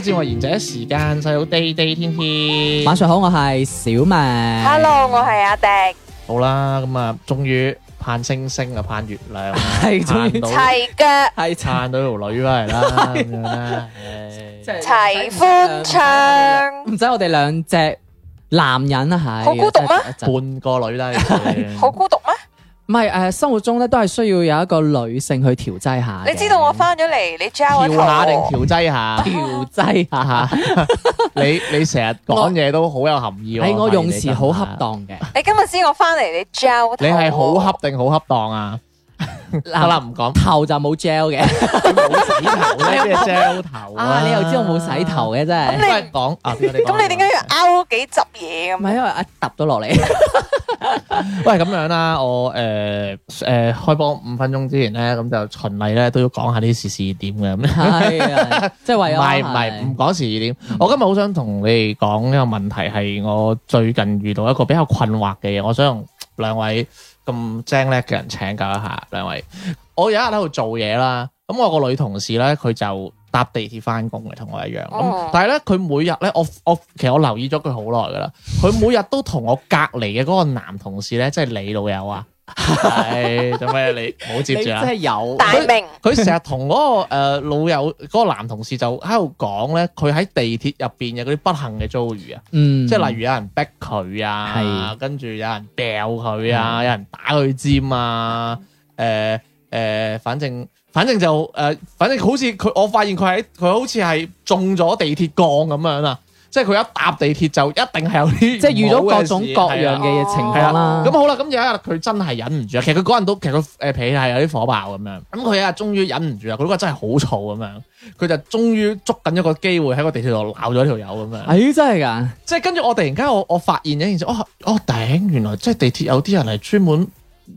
知我延仔時間，細佬地地天天。晚上好，我係小明。Hello，我係阿迪。好啦，咁啊，終於盼星星啊，盼月亮，係 終盼到齊腳，係的盼到條女翻嚟啦。咁 樣啦，齊歡 唱。唔使我哋兩隻男人啊，係好孤獨咩？ 半個女啦， 好孤獨咩？唔係、呃，生活中咧都係需要有一個女性去調劑下。你知道我翻咗嚟，你調、啊、下定調劑下？調劑 下， 你你成日講嘢都好有含義。哎我，我，回來我用詞好恰當嘅。 你今日知我翻嚟，你調下。你係好恰定好恰當啊？嗱啦，唔講 頭就冇 gel 嘅，冇 洗頭即係 gel 頭啊，啊！你又知我冇洗頭嘅，真係。你講咁、啊、你點解要拗幾執嘢咁？因為一揼咗落嚟。 喂，咁樣啦、啊，我誒誒、呃呃、開波五分鐘之前咧，咁、嗯、就循例咧都要講下啲時事點嘅。係， 即、就、係、是、為唔係唔係唔講時事點？嗯、我今日好想同你哋講呢個問題，係我最近遇到一個比較困惑嘅嘢，我想兩位。咁精叻嘅人，請教一下兩位，我有一日喺度做嘢啦，咁、嗯、我有個女同事咧，佢就搭地鐵翻工嘅，同我一樣。咁、嗯、但係咧，佢每日咧，我我其實我留意咗佢好耐噶啦，佢每日都同我隔離嘅嗰個男同事咧，即係你老友啊。係做咩？你冇接住啊！真係有以大命命。佢成日同嗰個誒、呃、老友嗰、嗰個男同事就喺度講咧，佢喺地鐵入邊有嗰啲不幸嘅遭遇啊，嗯，即係例如有人逼佢啊，是跟住有人掉佢啊，嗯、有人打佢尖啊，誒、呃、誒、呃，反正反正就誒、呃，反正好似佢，我發現佢喺佢好似係中咗地鐵槓咁樣啊！即係佢一搭地鐵就一定係有啲，即係遇到各種各樣嘅嘢情況啦。咁、啊哦啊、好啦，咁有一日佢真係忍唔住，其實佢嗰陣都其實佢誒脾氣係有啲火爆咁樣。咁佢一日終於忍唔住啦，佢嗰個真係好嘈咁樣。佢就終於捉緊一個機會喺個地鐵度鬧咗條友咁樣。誒、哎、真係㗎！即係跟住我突然間我我發現咗件事，哦哦頂，原來即係地鐵有啲人係專門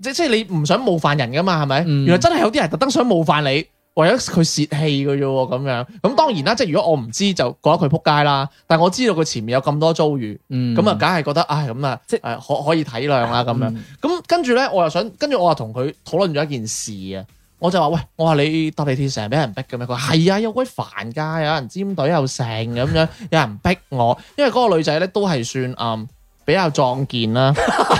即即係你唔想冒犯人噶嘛，係咪？嗯、原來真係有啲人特登想冒犯你。為咗佢泄氣嘅啫喎，咁樣，咁當然啦，即係如果我唔知就覺得佢撲街啦，但係我知道佢前面有咁多遭遇，咁啊、嗯，梗係覺得，唉、哎，咁即啊，即係可可以體諒啦，咁樣，咁、嗯、跟住咧，我又想，跟住我又同佢討論咗一件事啊，我就話，喂，我話你搭地鐵成日俾人逼嘅咩？佢話係啊，有鬼煩架，有人尖隊又成咁樣，有人逼我， 因為嗰個女仔咧都係算嗯。比較撞見啦，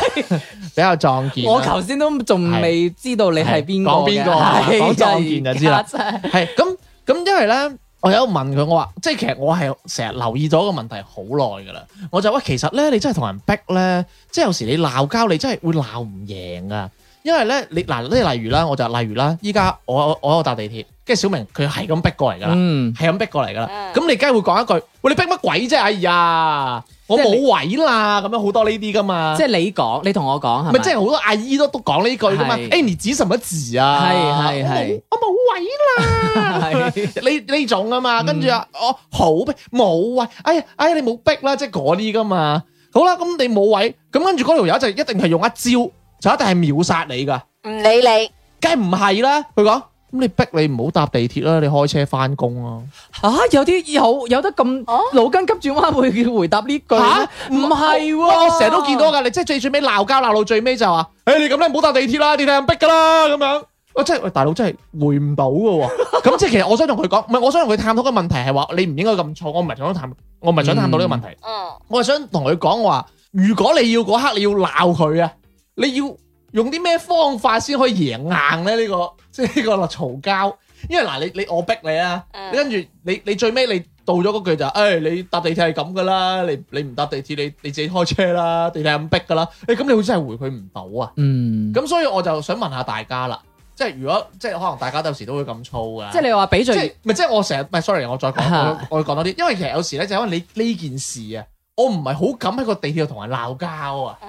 比較撞見。我頭先都仲未知道你係邊個嘅，講撞、啊、是見就知啦。係咁咁，因為咧，我有問佢，我話即係其實我係成日留意咗個問題好耐噶啦。我就話其實咧，你真係同人逼咧，即係有時你鬧交，你真係會鬧唔贏噶。因為咧，你嗱，呢例如啦，我就例如啦，依家我我喺度搭地鐵，跟住小明佢係咁逼過嚟噶啦，係咁、嗯、逼過嚟噶啦。咁、嗯、你梗係會講一句，喂，你逼乜鬼啫，哎呀！」我冇位啦，咁樣好多呢啲噶嘛。即係你講，你同我講係咪？即係好多阿姨都都講呢句噶嘛。Amy 指什麼字啊？係係係。我冇，我冇位啦 是。呢呢種啊嘛，跟住啊，我好逼冇啊。哎呀哎呀，你冇逼啦，即係嗰啲噶嘛。好啦，咁你冇位，咁跟住嗰條友就一定係用一招，就一定係秒殺你噶。唔理你，梗係唔係啦。佢講。咁你逼你唔好搭地鐵啦，你開車返工啊？嚇！有啲以後有得咁腦筋急轉彎，會回答呢句？嚇、啊！唔係喎，我成日都見到㗎。你即係最最尾鬧交鬧到最尾就話：誒、欸、你咁咧唔好搭地鐵啦，你睇人逼㗎啦咁樣。我真係喂、哎、大佬真係回唔到嘅喎。咁 即係其實我想同佢講，唔係我想同佢探討嘅問題係話你唔應該咁錯。我唔係想探，我唔係想探討呢個問題。嗯嗯、我係想同佢講，我話如果你要嗰刻你要鬧佢啊，你要。用啲咩方法先可以贏硬咧？呢、呢個即係呢個落嘈交，因為嗱，你你我逼你啊、uh,，你跟住你你最尾你到咗嗰句就係：，誒，你搭地鐵係咁噶啦，你你唔搭地鐵，你你，鐵你，你自己開車啦，地鐵係咁逼噶啦。誒、哎，咁你好真係回佢唔到啊。嗯，咁所以我就想問下大家啦，即係如果即係可能大家有時都會咁粗噶。即係你話比著，即係我成日唔係？Sorry，我再講、uh,，我我講多啲，因為其實有時咧，就係、因為你呢件事啊，我唔係好敢喺個地鐵度同人鬧交啊，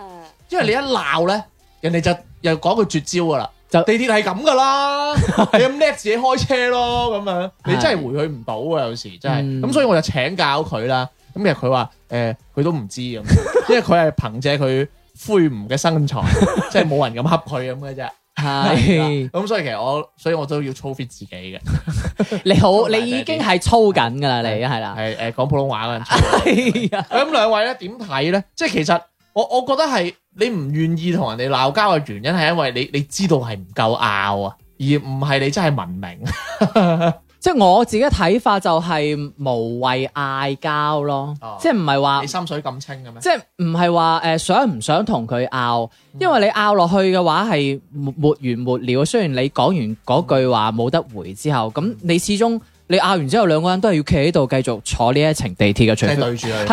因為你一鬧咧。Uh, uh, 人哋就又講佢絕招噶啦，就地鐵係咁噶啦，你咁叻自己開車咯，咁樣你真係回佢唔到啊！有時真係，咁所以我就請教佢啦。咁其實佢話誒，佢都唔知咁，因為佢係憑藉佢魁梧嘅身材，即係冇人咁恰佢咁嘅啫。係咁，所以其實我，所以我都要操 fit 自己嘅。你好，你已經係操緊噶啦，你而家係啦。係誒，講普通話啦。係啊。咁兩位咧點睇咧？即係其實我我覺得係。你唔願意同人哋鬧交嘅原因係因為你，你知道係唔夠拗啊，而唔係你真係文明。 即係我自己睇法就係無謂嗌交咯，哦、即係唔係話你心水咁清嘅咩？即係唔係話誒想唔想同佢拗？因為你拗落去嘅話係沒完沒了。雖然你講完嗰句話冇、嗯、得回之後，咁你始終。你嗌完之後，兩個人都係要企喺度繼續坐呢一程地鐵嘅，除非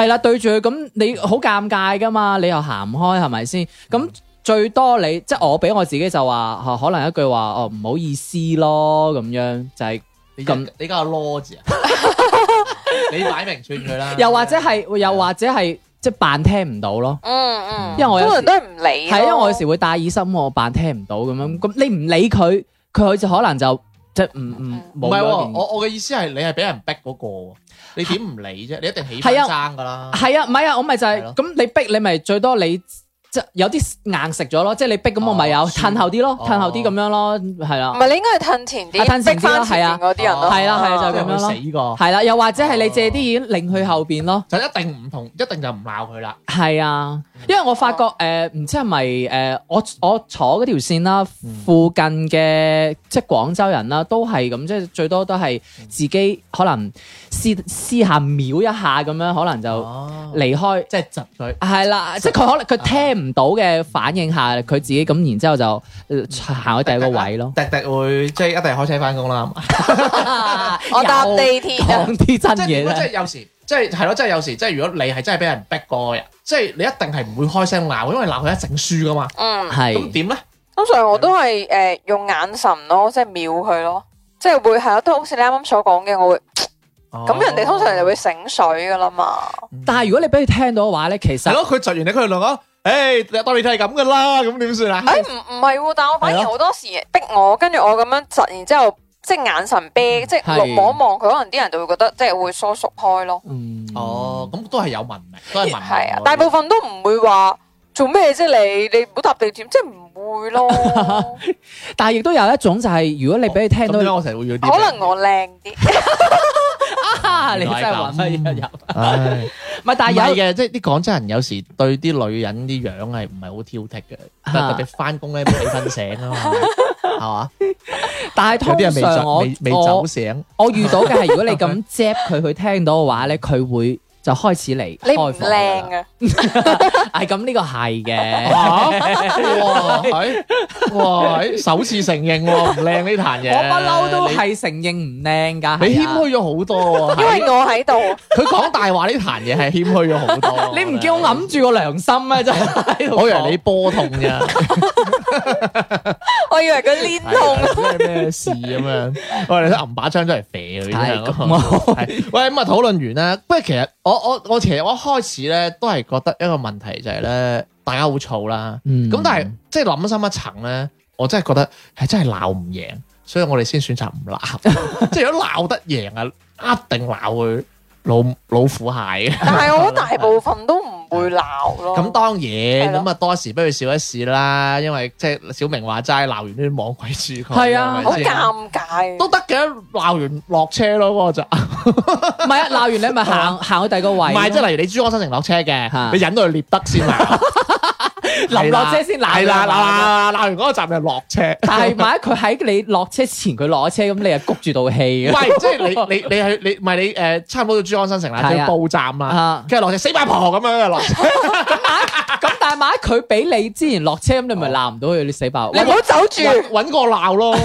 係啦，對住佢咁，你好尷尬噶嘛，你又行唔開係咪先？咁最多你即係我俾我自己就話，可能一句話哦唔好意思咯咁樣，就係、是、咁。你而家係攞字啊？ 你擺明算佢啦。又或者係，的又或者係的即係扮聽唔到咯。嗯嗯，嗯因，因為我有都係唔理。係因為我有時會戴耳心我扮聽唔到咁樣。咁、嗯、你唔理佢，佢好似可能就。即係唔唔唔係喎，我我嘅意思係你係俾人逼嗰、那個，是你點唔理啫？你一定起紛爭㗎啦，係啊，唔係啊，啊，我咪就係、是、咁、啊，你逼你咪最多你。即有啲硬食咗咯，即係你逼咁，我咪有褪後啲咯，褪後啲咁樣咯，係啦。唔係你應該係褪前啲，褪翻係啊，嗰啲人咯，係啦，係啊，就咁樣咯。係啦，又或者係你借啲錢拎去後邊咯，就一定唔同，一定就唔鬧佢啦。係啊，因為我發覺誒唔知係咪誒我我坐嗰條線啦，附近嘅即係廣州人啦，都係咁，即係最多都係自己可能私私下秒一下咁樣可能就離開即係窒佢。係啦，即係佢可能佢聽。唔到嘅反應下，佢自己咁，然之後就行去第二個位咯、啊。滴滴會即係 一定開車翻工啦。 我搭地鐵。講啲 真嘢啦。 即係有時，即係係咯，即係有時，即係如果你係真係俾人逼過啊，嗯、即係你一定係唔會開聲鬧，因為鬧佢一整輸噶嘛。嗯是，係。咁點咧？通常我都係誒用眼神咯、就是，即係瞄佢咯，即係會係都好似你啱啱所講嘅，我會咁噓人哋通常就會醒水噶啦嘛。但係如果你俾佢聽到嘅話咧，其實係咯，佢窒完你佢就亂咯。誒，當你睇係咁噶啦，咁點算啊？誒，唔唔係，但我反而好多時逼我，跟住我咁樣窒，然之後即係眼神啤，即係望一望佢，可能啲人就會覺得即係會疏縮開咯。嗯，哦，咁都係有文明，都係文明。係啊，大部分都唔會話做咩即係？你你唔好搭地鐵，即係唔會咯。但係亦都有一種就係，如果你俾你聽到，我成日會可能我靚啲。啊！你真係揾乜嘢入？唔係、嗯， 但係有嘅，即係啲廣州人有時對啲女人啲樣係唔係好挑剔嘅，特別返工咧未瞓醒啊嘛，係嘛 吧？但係未走醒，我遇到嘅係，如果你咁接佢，去聽到嘅話咧，佢 會。 就開始嚟，你唔靚啊？係咁，呢個係嘅。哇！哇！首次承認喎，唔靚呢壇嘢。我不嬲都係承認唔靚噶。你謙虛咗好多啊！因為我喺度。佢講大話，呢壇嘢係謙虛咗好多。你唔叫我揞住個良心咩？真係，我以為你波痛嘅，我以為佢攣痛。咩事咁樣？我哋攞把槍真係肥佢。喂，咁啊，討論完啦。不過其實。我我我其實我一開始咧都係覺得一個問題就係咧，大家好嘈啦，咁、嗯、但係即係諗深一層咧，我真係覺得係真係鬧唔贏，所以我哋先選擇唔鬧。 即係如果鬧得贏啊，一定鬧佢老老虎蟹嘅。但係我大部分都唔會鬧咯。咁、 嗯、當然，咁啊的多一事不如少一事啦，因為即係小明話齋鬧完呢啲網鬼住佢係啊，好的的尷尬。都得嘅，鬧完落車咯，嗰個就。唔係 啊，鬧完你咪行行去第二個位。唔係、 啊，即係例如你珠江新城落車嘅，你引到去獵德先啦。 落車先，鬧啦鬧啦鬧完嗰個站就落車。但係萬一佢喺你落車前佢落咗車，咁 你係谷住到氣嘅。喂，即係你你你係你唔係你誒，差唔多到珠江新城啦，就的報站啦，佢係落車，死八婆咁樣落車。咁 但係萬一佢比你之前落車，咁你咪鬧唔到佢，你死八婆。你唔好走住，揾 個鬧咯，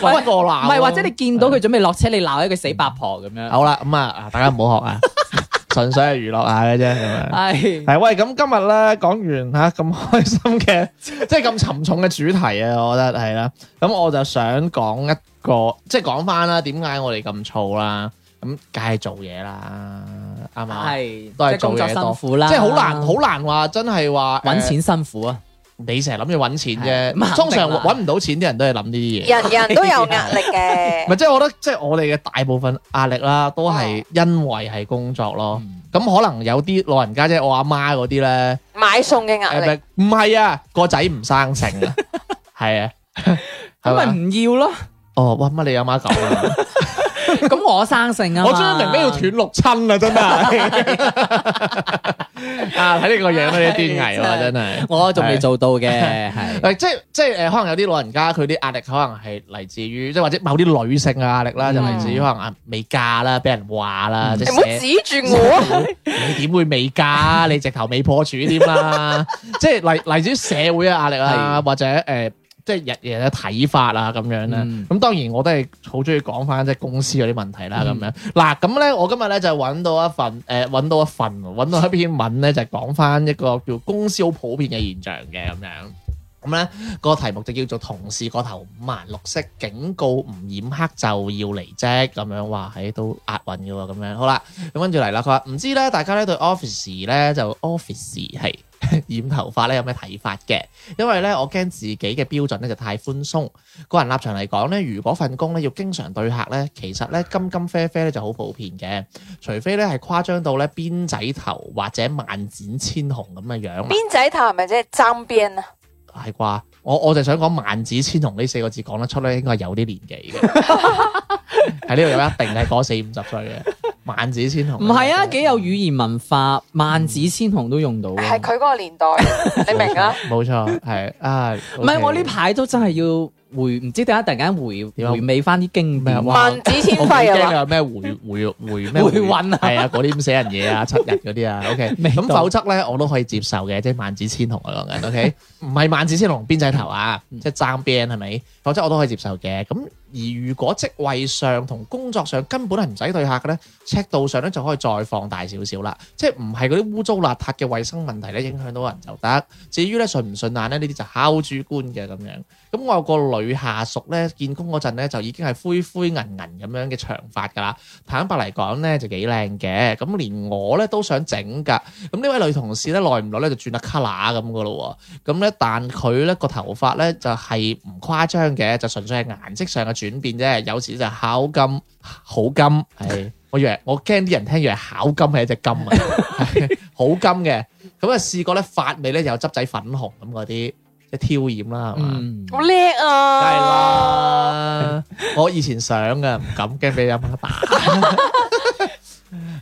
揾 個鬧。唔係，或者你見到佢準備落車， 你鬧一句死八婆咁樣。好啦，咁啊啊，大家唔好學啊。 純粹係娛樂下嘅啫，係咪？ 係係。喂，咁今日咧講完吓，咁、啊、開心嘅，即係咁沉重嘅主題啊，我覺得係啦。咁我就想講一個，即係講翻啦，點解我哋咁燥啦？咁梗係做嘢啦，啱啱？係都係做嘢辛苦啦，多即係好難好、啊、難話真係話揾錢辛苦啊！呃你成日諗住揾錢啫，通常揾唔到錢啲人都係諗呢啲嘢。人人都有壓力嘅。唔係，即係我覺得，即係我哋嘅大部分壓力啦，都係因為係工作咯。咁可能有啲老人家，即係我阿媽嗰啲咧，買餸嘅壓力。唔係啊，個仔唔生性啊，係啊，咁咪唔要咯。哦，哇，乜你阿媽咁啊？咁我生性啊，我真係明明要斷六親啊，真係。啊！睇呢個樣都一啲危喎，真係，我仲未做到嘅。係，誒，即係即係，誒，可能有啲老人家佢啲壓力可能係嚟自於，即係或者某啲女性嘅壓力啦，就嚟自於可能啊未嫁啦，俾人話啦，你唔好指住我，你點會未嫁？你直頭未破處添啦，即係嚟嚟自於社會嘅壓力啊，或者誒。即係日夜嘅睇法啊咁樣咧，咁、嗯、當然我都係好中意講翻即係公司嗰啲問題，嗯、啦咁樣。嗱咁咧，我今日咧就揾到一份誒揾、呃、到一份揾到一篇文咧， 就講翻一個叫公司好普遍嘅現象嘅咁樣。咁、那、咧個題目就叫做同事個頭五顏六色，警告唔染黑就要離職，咁樣話喺度押韻嘅喎咁樣。好啦，咁跟住嚟啦，佢話唔知咧大家咧對 office 咧就 office 係……」 染頭髮咧有咩睇法嘅？因為咧我驚自己嘅標準咧就太寬鬆。個人立場嚟講咧，如果份工咧要經常對客咧，其實咧金金啡啡咧就好普遍嘅。除非咧係誇張到咧辮仔頭或者萬紫千紅咁嘅樣。辮仔頭係咪即係爭辮啊？係啩？我我就想講萬紫千紅呢四個字講得出咧，應該有啲年紀嘅。喺呢度有一定係嗰四五十歲嘅。萬紫千紅唔係啊，幾有語言文化，萬紫千紅都用到嘅，係佢嗰個年代，你明啦？冇錯，係啊，唔係我呢排都真係要回，唔知點解突然間回回味翻啲經咩？萬紫千紅有咩回回回咩？回魂啊，係啊，嗰啲咁死人嘢啊，七日嗰啲啊，OK，咁否則咧我都可以接受嘅，即係萬紫千紅我講緊，OK，唔係萬紫千紅邊仔頭啊，即係爭邊係咪？否則我都可以接受嘅，咁而如果職位上同工作上根本係唔使對客嘅咧。尺度上咧就可以再放大少少啦，即係唔係嗰啲污糟邋遢嘅衛生問題咧影響到人就得。至於咧順唔順眼咧，呢啲就靠主觀嘅咁樣。咁我有個女下屬咧見工嗰陣咧就已經係灰灰銀銀咁樣嘅長髮㗎啦。坦白嚟講咧就幾靚嘅，咁連我咧都想整㗎。咁呢位女同事咧耐唔耐咧就轉得卡娜咁㗎咯喎。咁咧但佢咧個頭髮咧就係、是、唔誇張嘅，就純粹係顏色上嘅轉變啫。有時就烤金 好金，係。我以為我驚啲人聽以為考金係一隻金啊，好金嘅。咁啊試過咧髮尾咧就有汁仔粉紅咁嗰啲，即係挑染啦，係嘛，好叻啊！係啦，我以前想嘅，唔敢驚俾你阿媽打。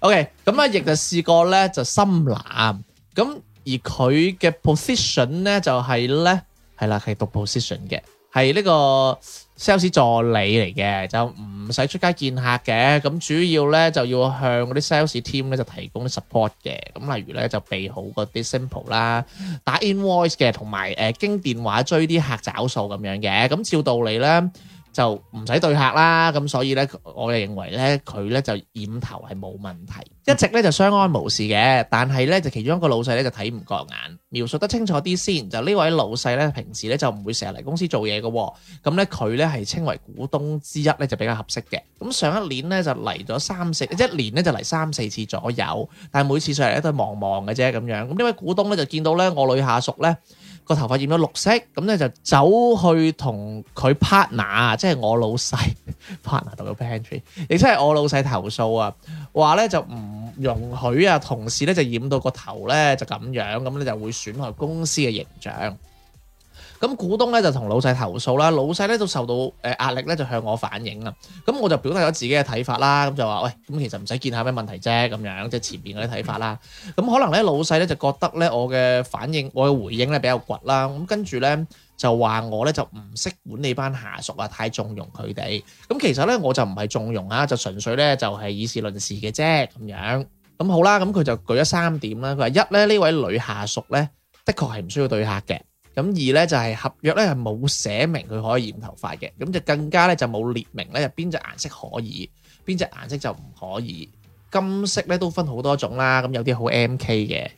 O K，咁啊亦就試過咧就深藍，咁而佢嘅 position 咧就係咧係啦係讀 position 嘅，係呢個。sales 助理嚟嘅就唔使出街見客嘅，咁主要呢，就要向嗰啲 sales team 咧就提供啲 support 嘅。咁例如呢，就備好嗰啲 sample 啦，打 invoice 嘅，同埋誒經電話追啲客找數咁樣嘅。咁照道理呢，就唔使對客啦，咁所以呢，我就認為呢，佢呢就染頭係冇問題，一直呢就相安無事嘅。但係呢，就其中一個老細呢，就睇唔過眼。描述得清楚啲先，就呢位老細呢，平時呢就唔會成日嚟公司做嘢㗎喎。咁呢，佢呢係稱為股東之一呢，就比較合適嘅。咁上一年呢，就嚟咗三四，一年呢就嚟三四次左右，但係每次上嚟都係望望嘅啫咁樣。咁呢位股東呢，就見到呢我女下屬呢。個頭髮染咗綠色，咁咧就走去同佢 partner，即係我老細 partner 度嘅 pantry，亦即係我老細投訴啊，話咧就唔容許啊同事咧就染到個頭咧就咁樣，咁咧就會損害公司嘅形象。咁股東咧就同老細投訴啦，老細咧就受到誒、呃、壓力咧，就向我反映啊。咁我就表達咗自己嘅睇法啦，咁就話喂，咁其實唔使見下咩問題啫，咁樣即係、就是、前面嗰啲睇法啦。咁可能咧老細咧就覺得咧我嘅反應，我嘅回應咧比較倔啦。咁跟住咧就話我咧就唔識管理班下屬啊，太縱容佢哋。咁其實咧我就唔係縱容啊，就純粹咧就係、是、以事論事嘅啫，咁樣。咁好啦，咁佢就舉咗三點啦。佢話一咧呢位女下屬咧，的確係唔需要對客嘅。咁而咧就係合約咧係冇寫明佢可以染頭髮嘅，咁就更加咧就冇列明咧邊隻顏色可以，邊隻顏色就唔可以。金色咧都分好多種啦，咁有啲好 M K 嘅，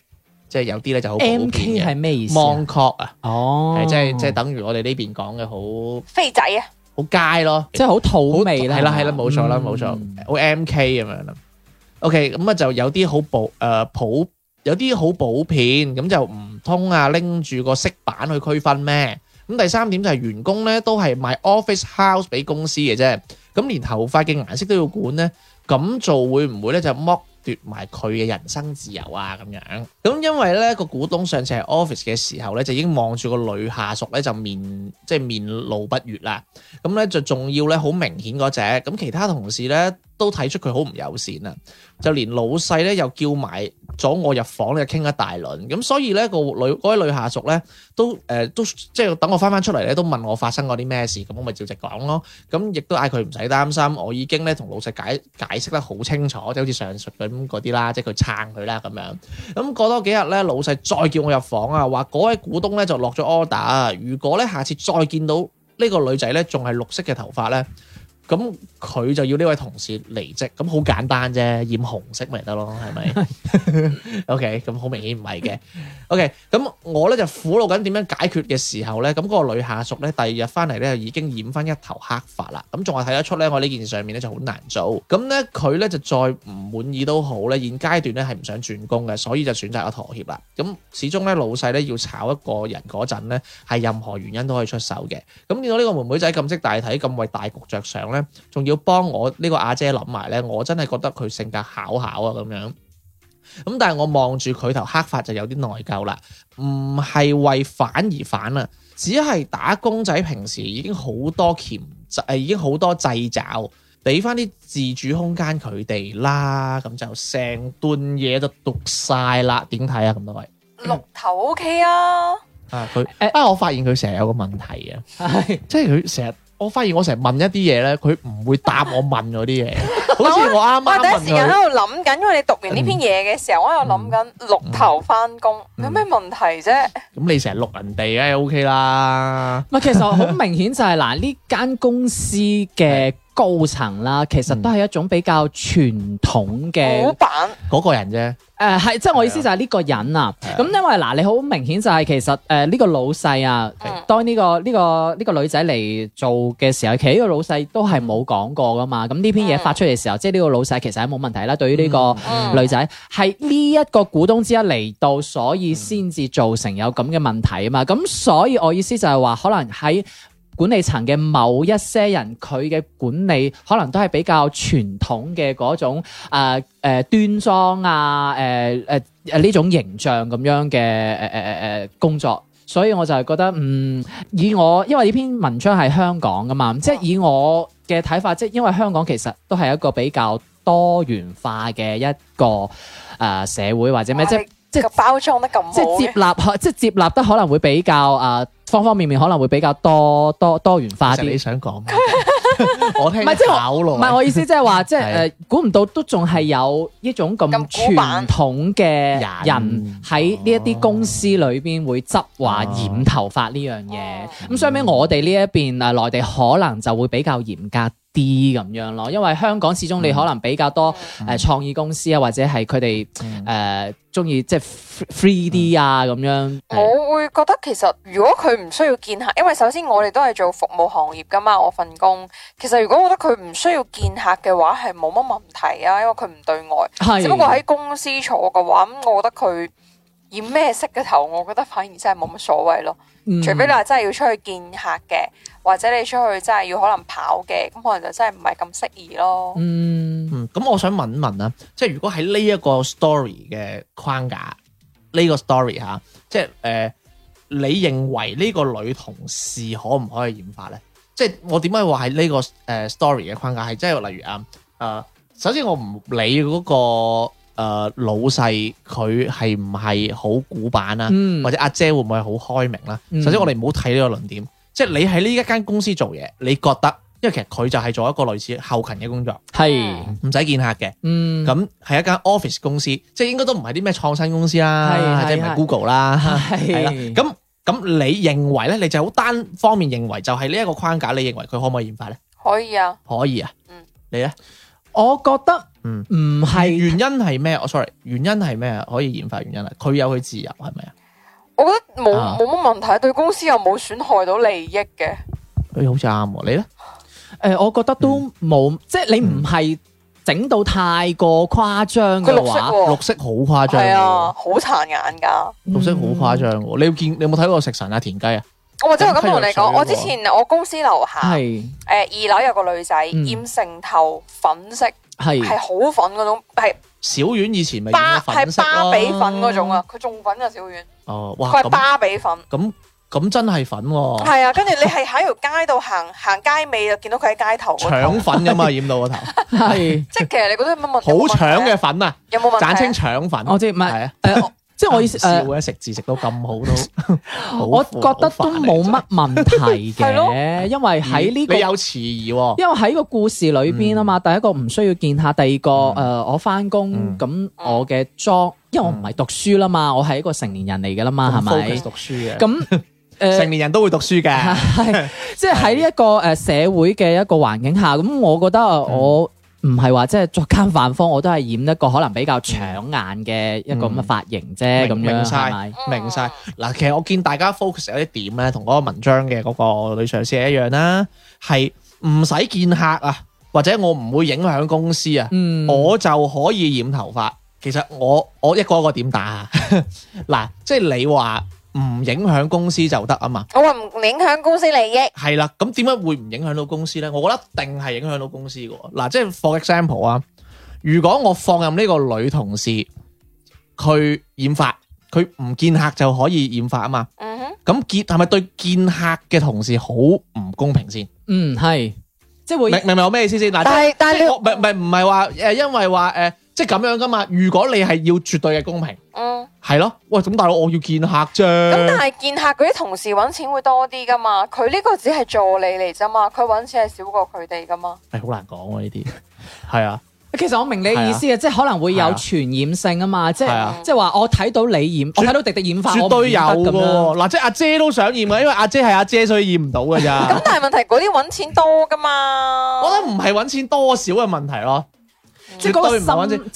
即係有啲咧就好 M K 係咩意思啊？旺角啊，哦，即係即係等於我哋呢邊講嘅好飛仔啊，好街咯，即係好土味啦。係啦係啦，冇錯啦冇錯，好 M K 咁樣啦。O K，咁啊就有啲好普誒普。有啲好普遍咁就唔通啊！拎住個色板去區分咩？咁第三點就係員工咧都係賣 office house 俾公司嘅啫，咁連頭髮嘅顏色都要管咧，咁做會唔會咧就剝奪埋佢嘅人生自由啊？咁樣咁因為咧個股東上次喺 office 嘅時候咧就已經望住個女下屬咧就面即係、就是、面露不悅啦，咁咧就仲要咧好明顯嗰隻，咁其他同事咧，都睇出佢好唔友善啊，就連老細咧又叫埋咗我入房咧傾一大輪，咁所以咧個女嗰位女下屬咧都誒、呃、都即係等我翻翻出嚟咧都問我發生過啲咩事，咁我咪照直講咯，咁亦都嗌佢唔使擔心，我已經咧同老細解解釋得好清楚，即係好似上述咁嗰啲啦，即係佢撐佢啦咁樣，咁過多幾日咧老細再叫我入房啊，話嗰位股東咧就落咗 order，如果咧下次再見到呢個女仔咧仲係綠色嘅頭髮咧。咁佢就要呢位同事離職，咁好簡單啫，染紅色咪得咯，係咪？OK，咁好明顯唔係嘅。OK，咁我咧就苦惱緊點樣解決嘅時候咧，咁嗰個女下屬咧第二日翻嚟咧就已經染翻一頭黑髮啦，咁仲係睇得出咧我呢件事上面咧就好難做，咁咧佢咧就再唔滿意都好咧，現階段咧係唔想轉工嘅，所以就選擇咗妥協啦。咁始終咧老細咧要炒一個人嗰陣咧，係任何原因都可以出手嘅。咁見到呢個妹妹仔咁識大體，咁為大局著想咧。仲要幫我呢個阿姐諗埋咧，我真係覺得佢性格巧巧啊咁樣。咁但係我望住佢頭黑髮就有啲內疚啦，唔係為反而反啊，只係打工仔平時已經好多鉗制誒，已經好多制爪，俾翻啲自主空間佢哋啦。咁就成段嘢就讀晒啦，點睇啊？咁多位綠頭 O K 啊，啊？啊，佢誒、啊，不過、啊、我發現佢成日有個問題啊，哎、即係佢成日。我發現我成日問一啲嘢咧，佢唔會答我問嗰啲嘢， 好似我啱啱， 我第一時間喺度諗緊，因為你讀完呢篇嘢嘅時候，嗯、我喺度諗緊六頭翻工、嗯、有咩問題啫？咁、嗯、你成日錄人哋梗係 OK 啦。唔 其實好明顯就係、是、嗱，呢間公司嘅。 高層啦，其實都係一種比較傳統嘅嗰闆個人啫。誒、呃，係，即係我意思就係呢個人啊。咁的因為嗱、呃，你好明顯就係、是、其實誒呢、呃這個老細啊，的當呢、這個呢、這個呢、這個女仔嚟做嘅時候，其實呢個老細都係冇講過噶嘛。咁呢篇嘢發出嚟嘅時候，嗯、即係呢個老細其實係冇問題啦。對於呢個女仔，係呢一個股東之一嚟到，所以先至造成有咁嘅問題啊嘛。咁所以我意思就係話，可能喺。管理層嘅某一些人，佢嘅管理可能都係比較傳統嘅嗰種誒誒、呃呃、端莊啊誒誒誒呢種形象咁樣嘅誒誒誒工作，所以我就係覺得嗯，以我因為呢篇文章係香港噶嘛，哇即係以我嘅睇法，即係因為香港其實都係一個比較多元化嘅一個誒、呃、社會或者咩，即係即係包裝得咁好，即係接納，即係接納得可能會比較啊。呃方方面面可能會比較多多多元化啲。你想講咩？ 我聽唔係，即係唔係我意思，就是，即係話即係誒，估、呃、唔到都仲係有呢種咁傳統嘅人喺呢一啲公司裏邊會執話染頭髮呢樣嘢。咁所以喺我哋呢一邊誒內地，可能就會比較嚴格。D 咁樣咯，因為香港始終你可能比較多誒創意公司啊，或者係佢哋誒中意即係 free D 啊咁樣。我會覺得其實如果佢唔需要見客，因為首先我哋都係做服務行業噶嘛，我份工其實如果我覺得佢唔需要見客嘅話，係冇乜問題啊，因為佢唔對外。只不過喺公司坐嘅話，咁我覺得佢。染咩色嘅頭，我覺得反而真係冇乜所謂咯。嗯、除非你話真係要出去見客嘅，或者你出去真係要可能跑嘅，咁可能就真係唔係咁適宜咯、嗯。嗯，咁我想問一問、這個、啊，即係如果喺呢一個 story 嘅框架，呢個 story 吓，即係誒，你認為呢個女同事可唔可以染髮呢？即係我點解話喺呢個誒 story 嘅框架係，即係例如啊啊、呃，首先我唔理嗰、那個。誒、呃，老細佢係唔係好古板啊？嗯、或者阿姐會唔會好開明啦、啊？嗯、首先，我哋唔好睇呢個論點，即、就、係、是、你喺呢一間公司做嘢，你覺得，因為其實佢就係做一個類似後勤嘅工作，係唔使見客嘅。咁係、嗯、一間 office 公，公司，即係應該都唔係啲咩創新公司啦，即係唔係 Google 啦。咁咁，你認為咧？你就好單方面認為，就係呢一個框架，你認為佢可唔可以研發咧？可以啊，可以啊。嗯，你咧？我覺得唔唔係原因係咩？我 sorry，原因係咩啊？可以研發原因啊？佢有佢自由係咪啊？是是我覺得冇冇乜問題，對公司又冇損害到利益嘅。誒、啊哎，好似啱喎。你咧？誒、呃，我覺得都冇，嗯、即係你唔係整到太過誇張嘅話，綠色好誇張，係啊，好殘眼噶。綠色好誇張，你有見？你有冇睇過食神啊？田雞啊？我即係咁同你講，我之前我公司樓下誒二樓有個女仔染成頭粉色，係係好粉嗰種，係小丸以前咪染嘅粉色咯。係芭比粉嗰種啊，佢仲粉啊小丸。哦，哇，佢係芭比粉。咁咁真係粉。係啊，跟住你係喺條街度行行街尾就見到佢喺街頭。腸粉咁啊，染到個頭。係。即係其實你覺得有乜問題？好腸嘅粉啊！有冇問題？簡稱腸粉。我知，唔係。即係我意思，笑咧食字食到咁好都，我覺得都冇乜問題嘅，因為喺呢、這個有歧義。嗯、因為喺個故事裏邊啊嘛，嗯、第一個唔需要見下，第二個誒、呃，我翻工咁我嘅 job。因為我唔係讀書啦嘛，嗯、我係一個成年人嚟噶啦嘛，係咪讀書嘅？咁誒，呃、 成年人都會讀書嘅，係 即係喺呢一個誒社會嘅一個環境下，咁我覺得我。呃嗯唔係話即係作奸犯科，我都係染一個可能比較搶眼嘅一個咁嘅髮型啫，咁樣係咪？明晒，明晒，嗱，其實我見大家 focus 有啲點咧，同嗰個文章嘅嗰個女上司一樣啦，係唔使見客啊，或者我唔會影響公司啊，嗯、我就可以染頭髮。其實我我一個一個點打，嗱， 即係你話。唔影響公司就得啊嘛，我話唔影響公司利益，係啦，咁點解會唔影響到公司咧？我覺得一定係影響到公司噶嗱，即係 for example 啊，如果我放任呢個女同事，佢染髮，佢唔見客就可以染髮啊嘛，咁結係咪對見客嘅同事好唔公平先？嗯，係，即係會明唔明我咩意思先？但係但係，唔係唔係唔係話誒，因為話誒，即係咁樣噶嘛。如果你係要絕對嘅公平。嗯，係咯，喂！咁大佬，我要見客啫。咁但係見客嗰啲同事揾錢會多啲噶嘛？佢呢個只係助理嚟啫嘛，佢揾錢係少過佢哋噶嘛？係好難講啊呢啲，係啊。其實我明你意思啊，即係可能會有傳染性啊嘛，即係即係話我睇到你染，我睇到迪迪染髮，絕對有噶。嗱，即係阿姐都想染啊，因為阿姐係阿姐，所以染唔到噶咋。咁但係問題嗰啲揾錢多噶嘛？我覺得唔係揾錢多少嘅問題咯，即係嗰個心。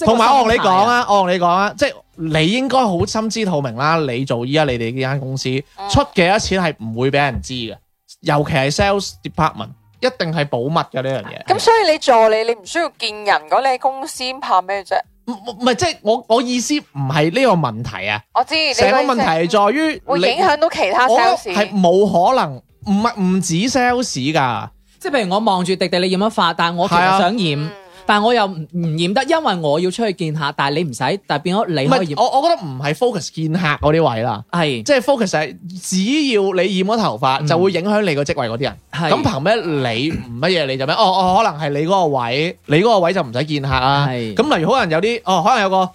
同埋我同你講啊，我同你講啊，即係。你應該好心知肚明啦，你做依家你哋呢間公司、嗯、出幾多錢係唔會俾人知嘅，尤其係 sales department 一定係保密嘅呢樣嘢。咁、嗯、 所以你助理你唔需要見人，嗰你公司怕咩啫？唔唔係即係我、即係、我，我意思唔係呢個問題啊！我知成個問題係在於會影響到其他 sales 係冇可能，唔係唔止 sales 㗎。即係譬如我望住迪迪你點樣化，但我其實想染、啊。嗯但係我又唔染得，因為我要出去見客。但係你唔使，但係變咗你可以染。我我覺得唔係 focus 見客嗰啲位啦，係即係 focus 係只要你染咗頭髮，嗯、就會影響你個職位嗰啲人。咁是憑咩你唔乜嘢你就咩？哦哦，可能係你嗰個位，你嗰個位就唔使見客啦。咁例是如可能有啲哦，可能有個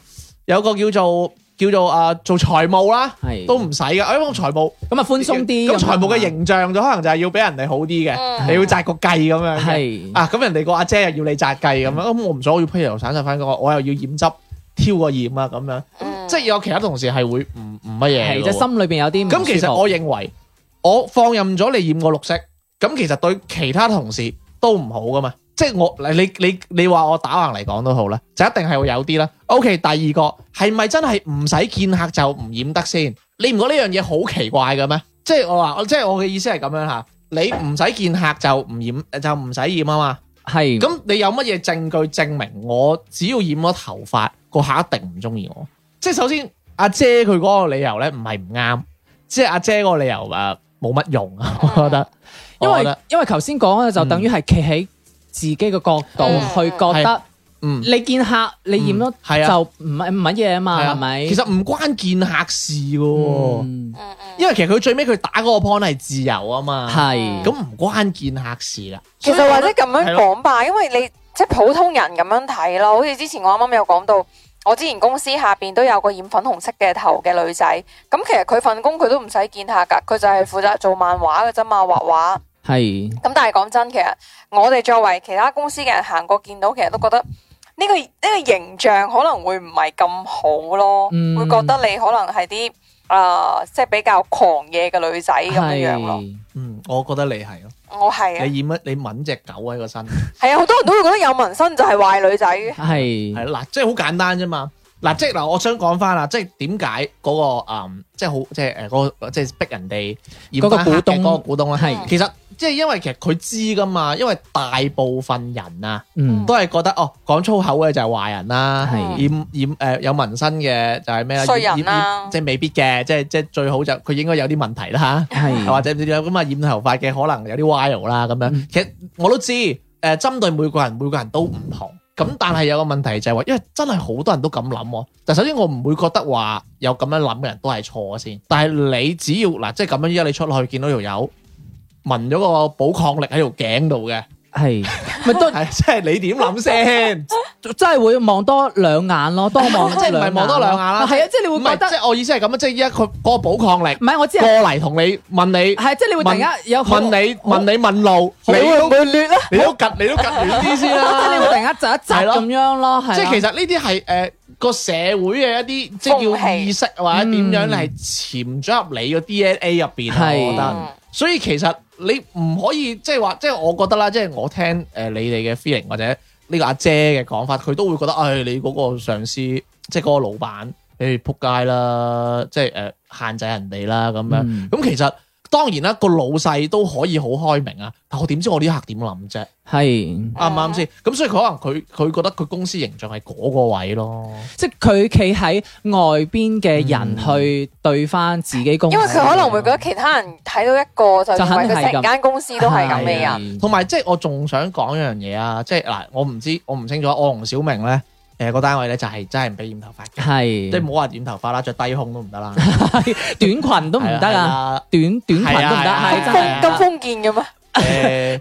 有個叫做。叫做啊做財務啦，的都唔使噶。我因為財務咁啊寬鬆啲、嗯，咁財務嘅形象就可能就係要俾人哋好啲嘅。 你要紮個計咁樣，的啊咁人哋個阿姐又要你紮計咁樣。咁我唔想我要披頭散就返工，我又要染汁挑個染啊咁樣。即係有其他同事係會唔唔乜嘢？係即係心裏邊有啲。咁其實我認為我放任咗你染個綠色，咁其實對其他同事，都唔好噶嘛，即係我你你你話我打橫嚟講都好啦，就一定係會有啲啦。OK，第二個，係咪真係唔使見客就唔染得先？你唔覺呢樣嘢好奇怪嘅咩？即係我話，即係我嘅意思係咁樣吓，你唔使見客就唔染，就唔使染啊嘛。係咁的，你有乜嘢證據證明我只要染咗頭髮，個客一定唔中意我？即係首先，阿姐佢嗰個理由咧唔係唔啱，即係阿姐個理由啊冇乜用啊，我覺得。嗯因為因為頭先講咧，就等於係企喺自己嘅角度去覺得，嗯，你見客你染咯，就唔係乜嘢啊嘛，係咪？其實唔關見客事嘅，因為其實佢最尾佢打嗰個 point 係自由啊嘛，係咁唔關見客事啦。其實或者咁樣講吧，因為你即係普通人咁樣睇咯，好似之前我啱啱有講到，我之前公司下邊都有個染粉紅色嘅頭嘅女仔，咁其實佢份工佢都唔使見客噶，佢就係負責做漫畫嘅啫嘛，畫畫。係咁，是但係講真，其實我哋作為其他公司嘅人行過見到，其實都覺得呢、這個呢、這個形象可能會唔係咁好咯，嗯、會覺得你可能係啲啊，即係比較狂野嘅女仔咁樣樣咯。嗯，我覺得你係咯，我係啊。你染乜？你紋隻狗喺個身？係啊，好多人都會覺得有紋身就係壞女仔嘅。係係啦，即係好簡單啫嘛。嗱，即係嗱，我想講翻啊，即係點解嗰個誒，即係、那個嗯、好，即係誒，嗰、呃、即係逼人哋嗰個股東、嗯，嗰個股東咧，係其實。嗯即係因為其實佢知噶嘛，因為大部分人啊，嗯、都係覺得哦，講粗口嘅就係壞人啦、啊，染染誒有紋身嘅就係咩衰人啦，即係未必嘅，即係即係最好就佢應該有啲問題啦，係是或者點點咁啊染頭髮嘅可能有啲 wild 啦咁樣。嗯、其實我都知誒，針、呃、對每個人每個人都唔同，咁但係有個問題就係、是、話，因為真係好多人都咁諗，但係首先我唔會覺得話有咁樣諗嘅人都係錯先，但係你只要嗱、呃，即係咁樣依家你出去見到條友。聞咗個保抗力喺度頸度嘅，係咪都多？即係你點諗先？真係會望多兩眼咯，多望即係唔係望多兩眼啦？係啊，即係你會覺得即係我意思係咁即係而家佢嗰個保抗力，唔係我知過嚟同你問你係，即係你會突然間有問你問你問路，你會亂啦，你都及你都及啲先啦。你會突然間窒一窒咁樣咯，即係其實呢啲係誒個社會嘅一啲即係叫意識或者點樣咧，係潛咗入你個 D N A 入邊，我覺得。所以其實。你唔可以即係話，即係我覺得啦，即係我聽誒你哋嘅 feeling 或者呢個阿姐嘅講法，佢都會覺得，唉、哎，你嗰個上司即係嗰個老闆，你哋仆街啦，即係誒、呃、限制人哋啦咁樣。咁、嗯、其實～當然啦，個老細都可以好開明啊，但我點知我啲客點諗啫？係啱唔啱先？咁的所以佢可能佢佢覺得佢公司形象係嗰個位咯，即係佢企喺外邊嘅人去對翻自己公司，嗯、因為佢可能會覺得其他人睇到一個的就係佢成間公司都係咁嘅人。同埋即係我仲想講一樣嘢啊，即係嗱，我唔知我唔清楚，我同小明咧。誒個單位咧就係真係唔俾染頭髮，即係唔好話染頭髮啦，著低胸都唔得啦，短裙都唔得啊，短短裙都唔得，咁封建嘅咩？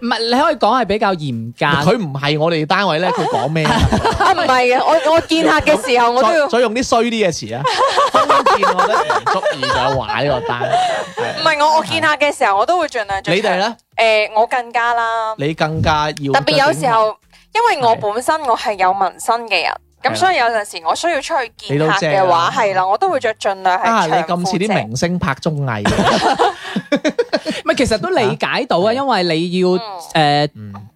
誒，唔係你可以講係比較嚴格，佢唔係我哋單位咧，佢講咩啊？唔係嘅，我我見客嘅時候，我都要再用啲衰啲嘅詞啊！我足以再話呢個單，唔係我我見客嘅時候，我都會盡量做。你哋咧？誒，我更加啦，你更加要特別有時候，因為我本身我係有紋身嘅人。咁、嗯、所以有陣時我需要出去見拍嘅話，係啦、啊，我都會着盡量係長褲啊，你咁似啲明星拍綜藝，咪其實都理解到啊，因為你要誒，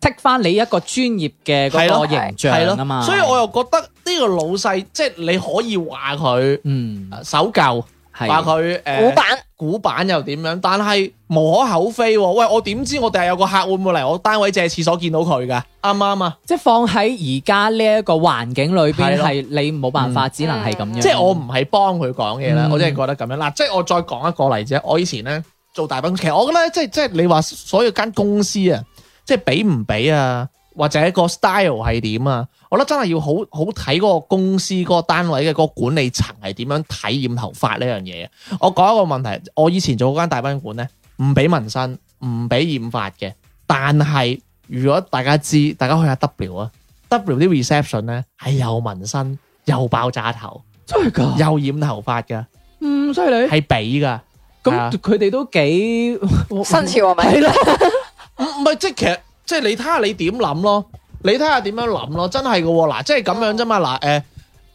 識翻你一個專業嘅嗰個了形象係咯啊嘛，所以我又覺得呢個老細，即、就、係、是、你可以話佢，嗯，守舊。話佢誒，古板古板，古板又點樣？但係無可厚非，啊，喂，我點知我第日有個客會唔會嚟我單位借廁所見到佢嘅？啱唔啱啊？即係放喺而家呢一個環境裏邊，係的你冇辦法，嗯、只能係咁樣。即係我唔係幫佢講嘢啦，嗯、我真係覺得咁樣嗱。即係我再講一個例子，我以前咧做大本，其實我咧即係即係你話所有間公司付付啊，即係俾唔俾啊？或者一個 style 係點啊？我覺得真係要好好睇嗰個公司、嗰個單位嘅嗰個管理層係點樣睇染頭髮呢樣嘢。我講一個問題，我以前做嗰間大賓館呢，唔俾紋身，唔俾染髮嘅。但係如果大家知，大家去下 W 啊，W 啲 reception 呢係有紋身、有爆炸頭，真係㗎，又染頭髮㗎，唔犀利，係俾㗎。咁佢哋都幾 新潮係咪？唔唔係即係其實。即係你睇下你點諗咯，你睇下點樣諗咯，真係噶喎，嗱、就是呃，即係咁樣啫嘛，嗱，誒，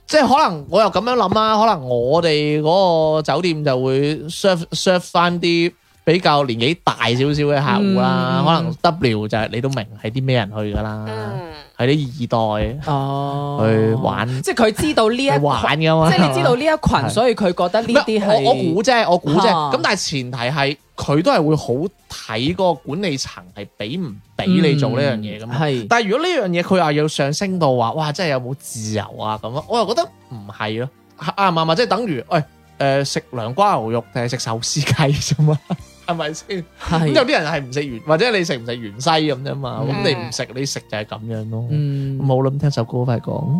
即係可能我又咁樣諗啦、啊，可能我哋嗰個酒店就會 serve serve 翻啲比較年紀大少少嘅客戶啦，嗯、可能 W 就係、是、你都明係啲咩人去噶啦。嗯係啲二代哦，去玩，哦、即係佢知道呢一羣嘅 嘛，即係你知道呢一群，的所以佢覺得呢啲係我估啫，我估啫。咁 但係前提係佢都係會好睇嗰個管理層係俾唔俾你做呢樣嘢嘅嘛。係、嗯，但係如果呢樣嘢佢話要上升到話，哇！真係有冇自由啊咁樣？我又覺得唔係咯，啊嘛嘛，即係、就是、等於，誒、哎、食、呃、涼瓜牛肉定係食壽司雞啫嘛。 係咪先？咁有啲人係唔食芫茜，或者你食唔食芫茜咁啫嘛。咁你唔食，你食就係咁樣咯。嗯，冇諗聽首歌快講。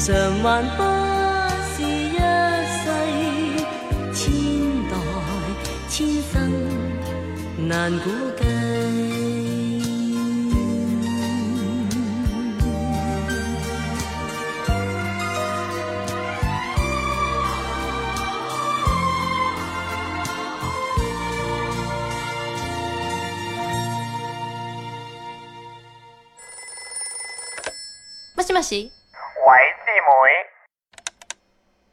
償還不是一世，千代千生難估。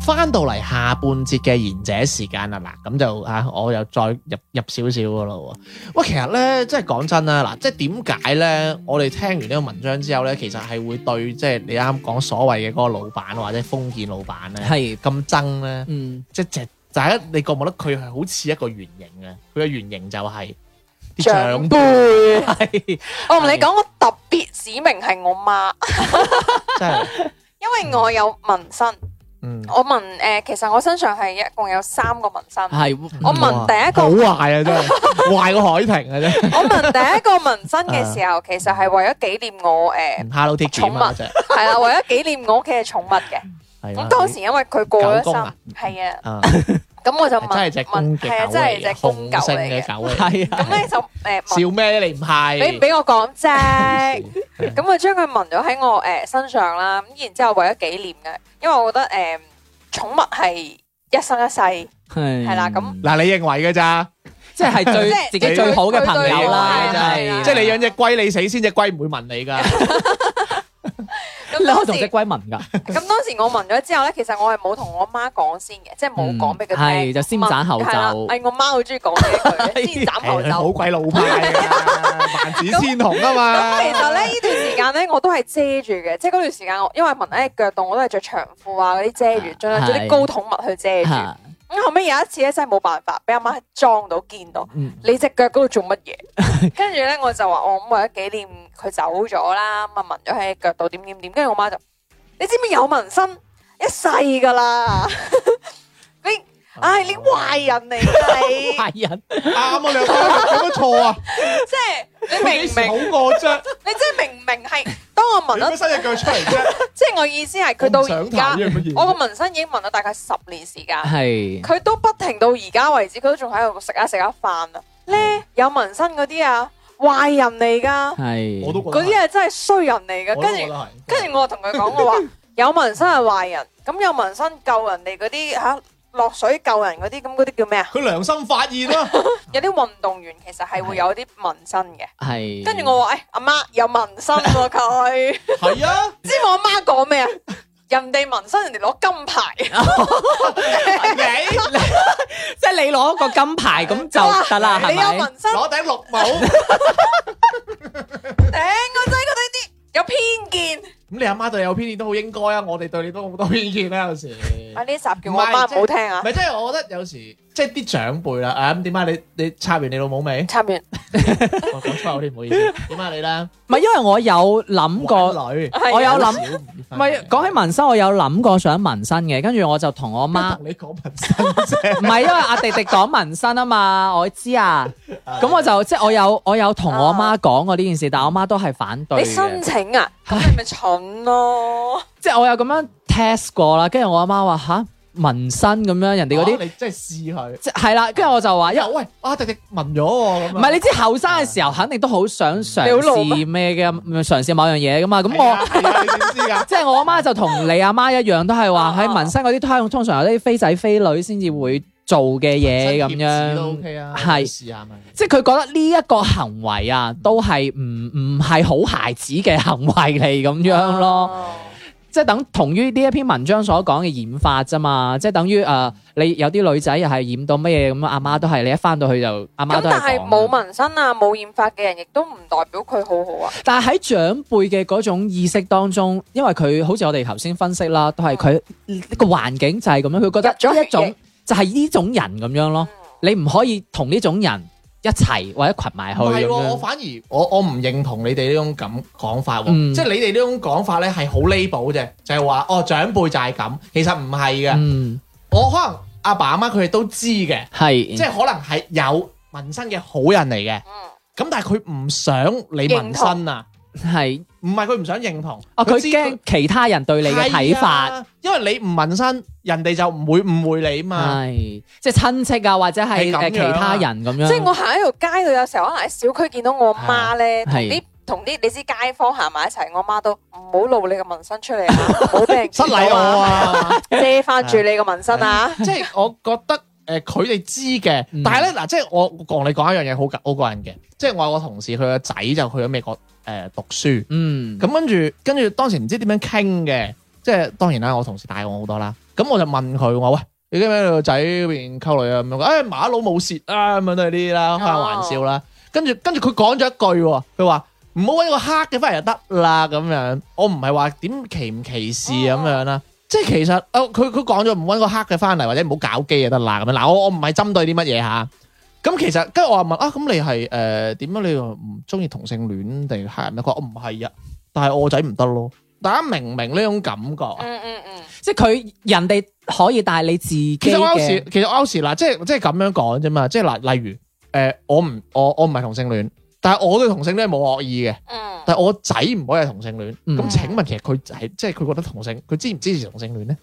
翻到嚟下半節嘅賢者時間啦，嗱咁就吓我又再入入少少噶咯喎。喂，其實咧，即係講真啦，嗱，即係點解咧？我哋聽完呢個文章之後咧，其實係會對即係你啱啱講所謂嘅嗰個老闆或者封建老闆咧，係咁憎咧，嗯，即係就係一你覺唔覺得佢係好似一個原型嘅？佢嘅原型就係長輩，係不 的我同你講，我特別指明係我媽， 真係是， 因為我有紋身。嗯，我紋誒，其實我身上係一共有三個紋身。係，我紋第一個好壞啊，真係壞過海平嘅啫。我紋第一個紋身嘅時候，其實係為咗紀念我誒，寵物，係啊，為咗紀念我屋企嘅寵物嘅。咁當時因為佢過咗身，係啊。咁我就問，係真係隻公狗嚟，雄性嘅狗嚟。咁咧就誒，笑咩咧？你唔係你唔俾我講啫？咁我將佢紋咗喺我誒身上啦。咁然之後為咗紀念嘅，因為我覺得誒，寵物係一生一世係係啦。咁嗱，你認為嘅咋？即係最自己最好嘅朋友啦。即係即係你養隻龜，你死先，隻龜唔會聞你噶。你可以仲識揾紋㗎？咁當， 當時我紋咗之後咧，其實我係冇同我媽講先嘅，即係冇講俾佢聽。就先斬後奏。係啦，我媽好中意講俾佢先斬後奏。好鬼老派，啊， 萬紫千紅啊嘛！咁其實咧呢段時間咧， 我都係遮住嘅，即係嗰段時間，因為紋喺腳度，我都係着長褲啊嗰啲遮住，仲有做啲高筒襪去遮住。 咁後尾有一次咧，真係冇辦法，俾阿媽撞到見到、嗯、見到你隻腳嗰度做乜嘢？跟住咧我就話，聞聞怎樣怎樣我咁為咗紀念佢走咗啦，咁啊紋咗喺腳度點點點。跟住我媽就，你知唔知有紋身一世噶啦？ 你。唉！你壞人嚟，壞人啱啊！兩個都錯啊？即係你明唔明？好惡啫！你即係明唔明？係當我紋咗新嘅腳出嚟啫。即係我意思係佢到而家，我個紋身已經紋咗大概十年時間。係佢都不停到而家為止，佢都仲喺度食啊食啊飯啊。咧有紋身嗰啲啊，壞人嚟噶。係我都覺得嗰啲係真係衰人嚟噶。跟住跟住，我同佢講，我話有紋身係壞人。咁有紋身救人哋嗰啲吓？落水救人嗰啲咁，嗰啲叫咩啊？佢良心發現咯。有啲運動員其實係會有啲紋身嘅。係。跟住我話，誒，阿媽有紋身喎，佢。係啊。知我阿媽講咩啊？人哋紋身，人哋攞金牌。你，即係你攞個金牌咁就得啦，係咪？你有紋身，攞頂綠帽。頂我真係覺得有偏見。咁你阿媽對你有偏見都好應該啊，我哋對你都好多偏見啦，啊，有時。 啊呢集叫是我阿媽唔好聽啊。唔係，即係我覺得有時。即係啲長輩啦，啊咁點解你你插完你老母未？插完，我講錯咗添，唔好意思。點解你咧？唔係因為我有諗過女，我有諗，唔係講起紋身，我有諗過想紋身嘅。跟住我就同我媽，你講紋身唔係因為阿迪迪講紋身啊嘛，我知啊。咁我就即係我有我有同我媽講過呢件事，但係我媽都係反對。你申請啊？咁係咪蠢咯！即係我有咁樣 test 過啦，跟住我媽話吓？」紋身咁樣，人哋嗰啲，你真係試佢，即係啦。跟住我就話，因為喂，啊，直接紋咗喎，唔係你知後生嘅時候，肯定都好想嘗試咩嘅，嘗試某樣嘢㗎嘛。咁我即係我阿媽就同你阿媽一樣，都係話喺紋身嗰啲，通常有啲飛仔飛女先至會做嘅嘢咁樣。係，即係佢覺得呢一個行為啊，都係唔唔係好孩子嘅行為嚟咁樣咯。即係等同於呢一篇文章所講嘅染髮啫嘛，即係等於誒、呃，你有啲女仔又係染到乜嘢咁，阿、嗯、媽都係你一翻到去就阿媽都係咁，但係冇紋身啊，冇染髮嘅人亦都唔代表佢好好啊。但係喺長輩嘅嗰種意識當中，因為佢好似我哋頭先分析啦，都係佢個環境就係咁樣，佢覺得有一種就係、是、呢種人咁樣咯，嗯、你唔可以同呢種人一齊或者群埋去，唔、 嗯、我反而我我唔認同你哋呢種咁講法喎，嗯、即係你哋呢種講法咧係好 label 啫，就係、係、話哦長輩就係咁，其實唔係嘅。嗯、我可能阿爸阿媽佢哋都知嘅，係的即係可能係有紋身嘅好人嚟嘅，咁、嗯、但係佢唔想你紋身啊。係，唔係佢唔想認同，啊佢驚其他人對你嘅睇法，因為你唔紋身，人哋就唔會誤會你嘛。係，即係親戚啊，或者係其他人咁樣。即係我行喺條街度，有時候可能喺小區見到我阿媽咧，同啲同啲你知街坊行埋一齊，我阿媽都唔好露你個紋身出嚟，好俾人失禮我啊，遮翻住你個紋身啊。即係我覺得，誒，佢哋知嘅，但係咧嗱，即係我同你講一樣嘢好過癮，嘅，即係我有個同事，佢個仔就去咗美國。誒，讀書，嗯，咁跟住，跟住當時唔知點樣傾嘅，即係當然啦，我同事大我好多啦，咁我就問佢我喂，你今日個仔嗰邊溝女啊，咁、哎、樣，誒馬佬冇舌啊，咁樣都係啲啦，開下玩笑啦，哦、跟住跟住佢講咗一句，佢話唔好搵個黑嘅翻嚟，就得啦，咁樣，我唔係話點歧唔歧視咁樣啦，即係其實，誒佢佢講咗唔搵個黑嘅翻嚟，或者唔好搞基就得啦，咁樣，嗱我我唔係針對啲乜嘢吓。啊咁其實，跟住我話問啊，咁你係誒點啊？你又唔中意同性戀定係咩？佢話我唔係啊，但係我仔唔得咯。大家明唔明呢種感覺啊、嗯？嗯嗯嗯，即係佢人哋可以帶你自己嘅。其實我有時，其實我有時嗱，即係即係咁樣講啫嘛。即係嗱，例如誒、呃，我唔我我唔係同性戀。但係我對同性戀係冇惡意嘅，嗯、但係我仔唔可以係同性戀，咁、嗯、請問其實佢係即係佢覺得同性，佢支唔支持同性戀咧？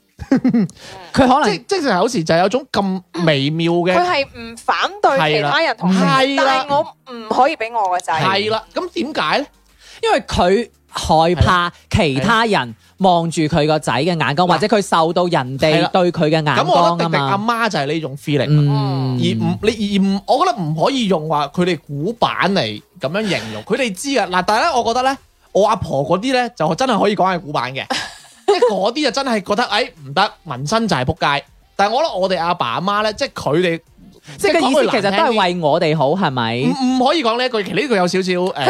佢 可能即係即係有時就係有種咁微妙嘅，佢係唔反對其他人同性，的但係我唔可以俾我個仔係啦。咁點解咧？為呢因為佢害怕其他人望住佢個仔嘅眼光，的或者佢受到人哋對佢嘅眼光。咁我覺得迪迪阿媽就係呢種 feeling，、嗯嗯、而唔你而我覺得唔可以用話佢哋古板嚟。咁樣形容佢哋知啊嗱，但係咧，我覺得咧，我阿婆嗰啲咧就真係可以講係古板嘅，即係嗰啲就真係覺得誒唔得，紋身就係撲街。但係我諗我哋阿爸阿媽咧，即係佢哋即係講嘅，其實都係為我哋好，係咪？唔唔可以講呢一句，其實呢個有少少誒，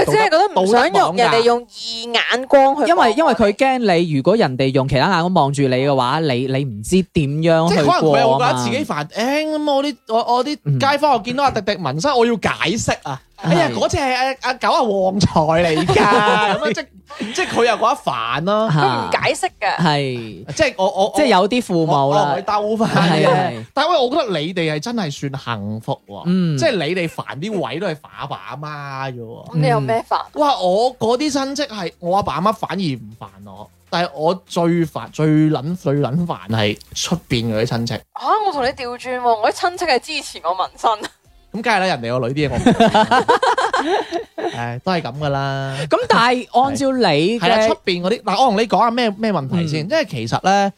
即係覺得唔想用人哋用異眼光去，因為因為佢驚你如果人哋用其他眼光望住你嘅話，你你唔知點樣去過啊嘛。即係可能佢又會覺得自己煩誒咁，我啲我我啲街坊我見到阿迪迪紋身，我要解釋啊！哎呀，嗰、那、隻、個、阿阿狗阿旺財嚟噶，咁 即即佢又覺得煩咯、啊，解釋嘅，係、啊、即係我我即係有啲父母啦，兜翻，是但係喂，我覺得你哋係真係算幸福喎、啊，嗯、即係你哋煩啲位都係阿爸阿媽啫，咁你有咩煩？嗯、哇，我嗰啲親戚係我阿爸阿媽反而唔煩我，但係我最煩最撚最撚煩係出邊嗰啲親戚。吓、啊，我同你調轉，我啲親戚係支持我紋身。咁梗係啦，人哋個女啲嘢，誒、 哎，都係咁噶啦。咁但係按照你係啊， 出邊嗰啲，嗱，我同你講下咩咩問題先。嗯、因為其實咧，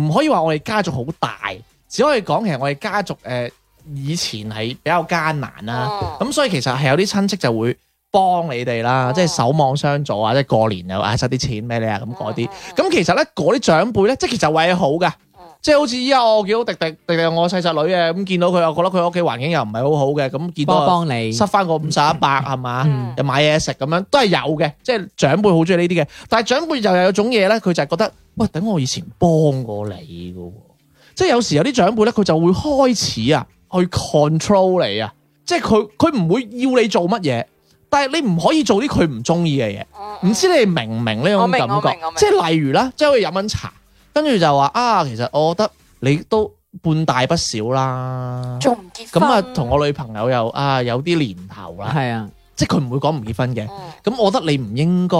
唔可以話我哋家族好大，只可以講其實我哋家族誒、呃，以前係比較艱難啦、啊。咁、哦、所以其實係有啲親戚就會幫你哋啦，哦、即係守望相助啊，即係過年又塞啲錢俾你啊，咁嗰啲。咁、嗯嗯、其實咧，嗰啲長輩咧，即係其實為你好噶。即係好似依家我見到滴滴滴滴，我見到迪迪迪迪，我細侄女嘅，咁見到佢，又覺得佢屋企環境又唔係好好嘅，咁見到幫幫你，塞翻個五十一百係嘛？ 又買嘢食咁樣都係有嘅，即係長輩好中意呢啲嘅。但係長輩又有種嘢咧，佢就係覺得喂，等我以前幫過你嘅。即係有時有啲長輩咧，佢就會開始啊去 control 你啊，即係佢佢唔會要你做乜嘢，但係你唔可以做啲佢唔中意嘅嘢。唔知你明唔明呢種感覺？即係例如啦，即係可以飲緊茶。跟住就話啊，其實我覺得你都半大不少啦，仲唔結婚咁啊？同我女朋友又啊有啲年頭啦，係啊，即係佢唔會講唔結婚嘅。咁、嗯、我覺得你唔應該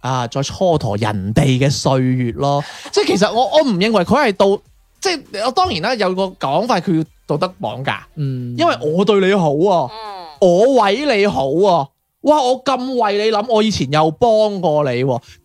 啊再蹉跎人哋嘅歲月咯。即係其實我我唔認為佢係道，嗯、即係我當然啦有個講法，佢要道德綁架，嗯，因為我對你好啊，嗯、我為你好啊。哇！我咁為你諗，我以前又幫過你，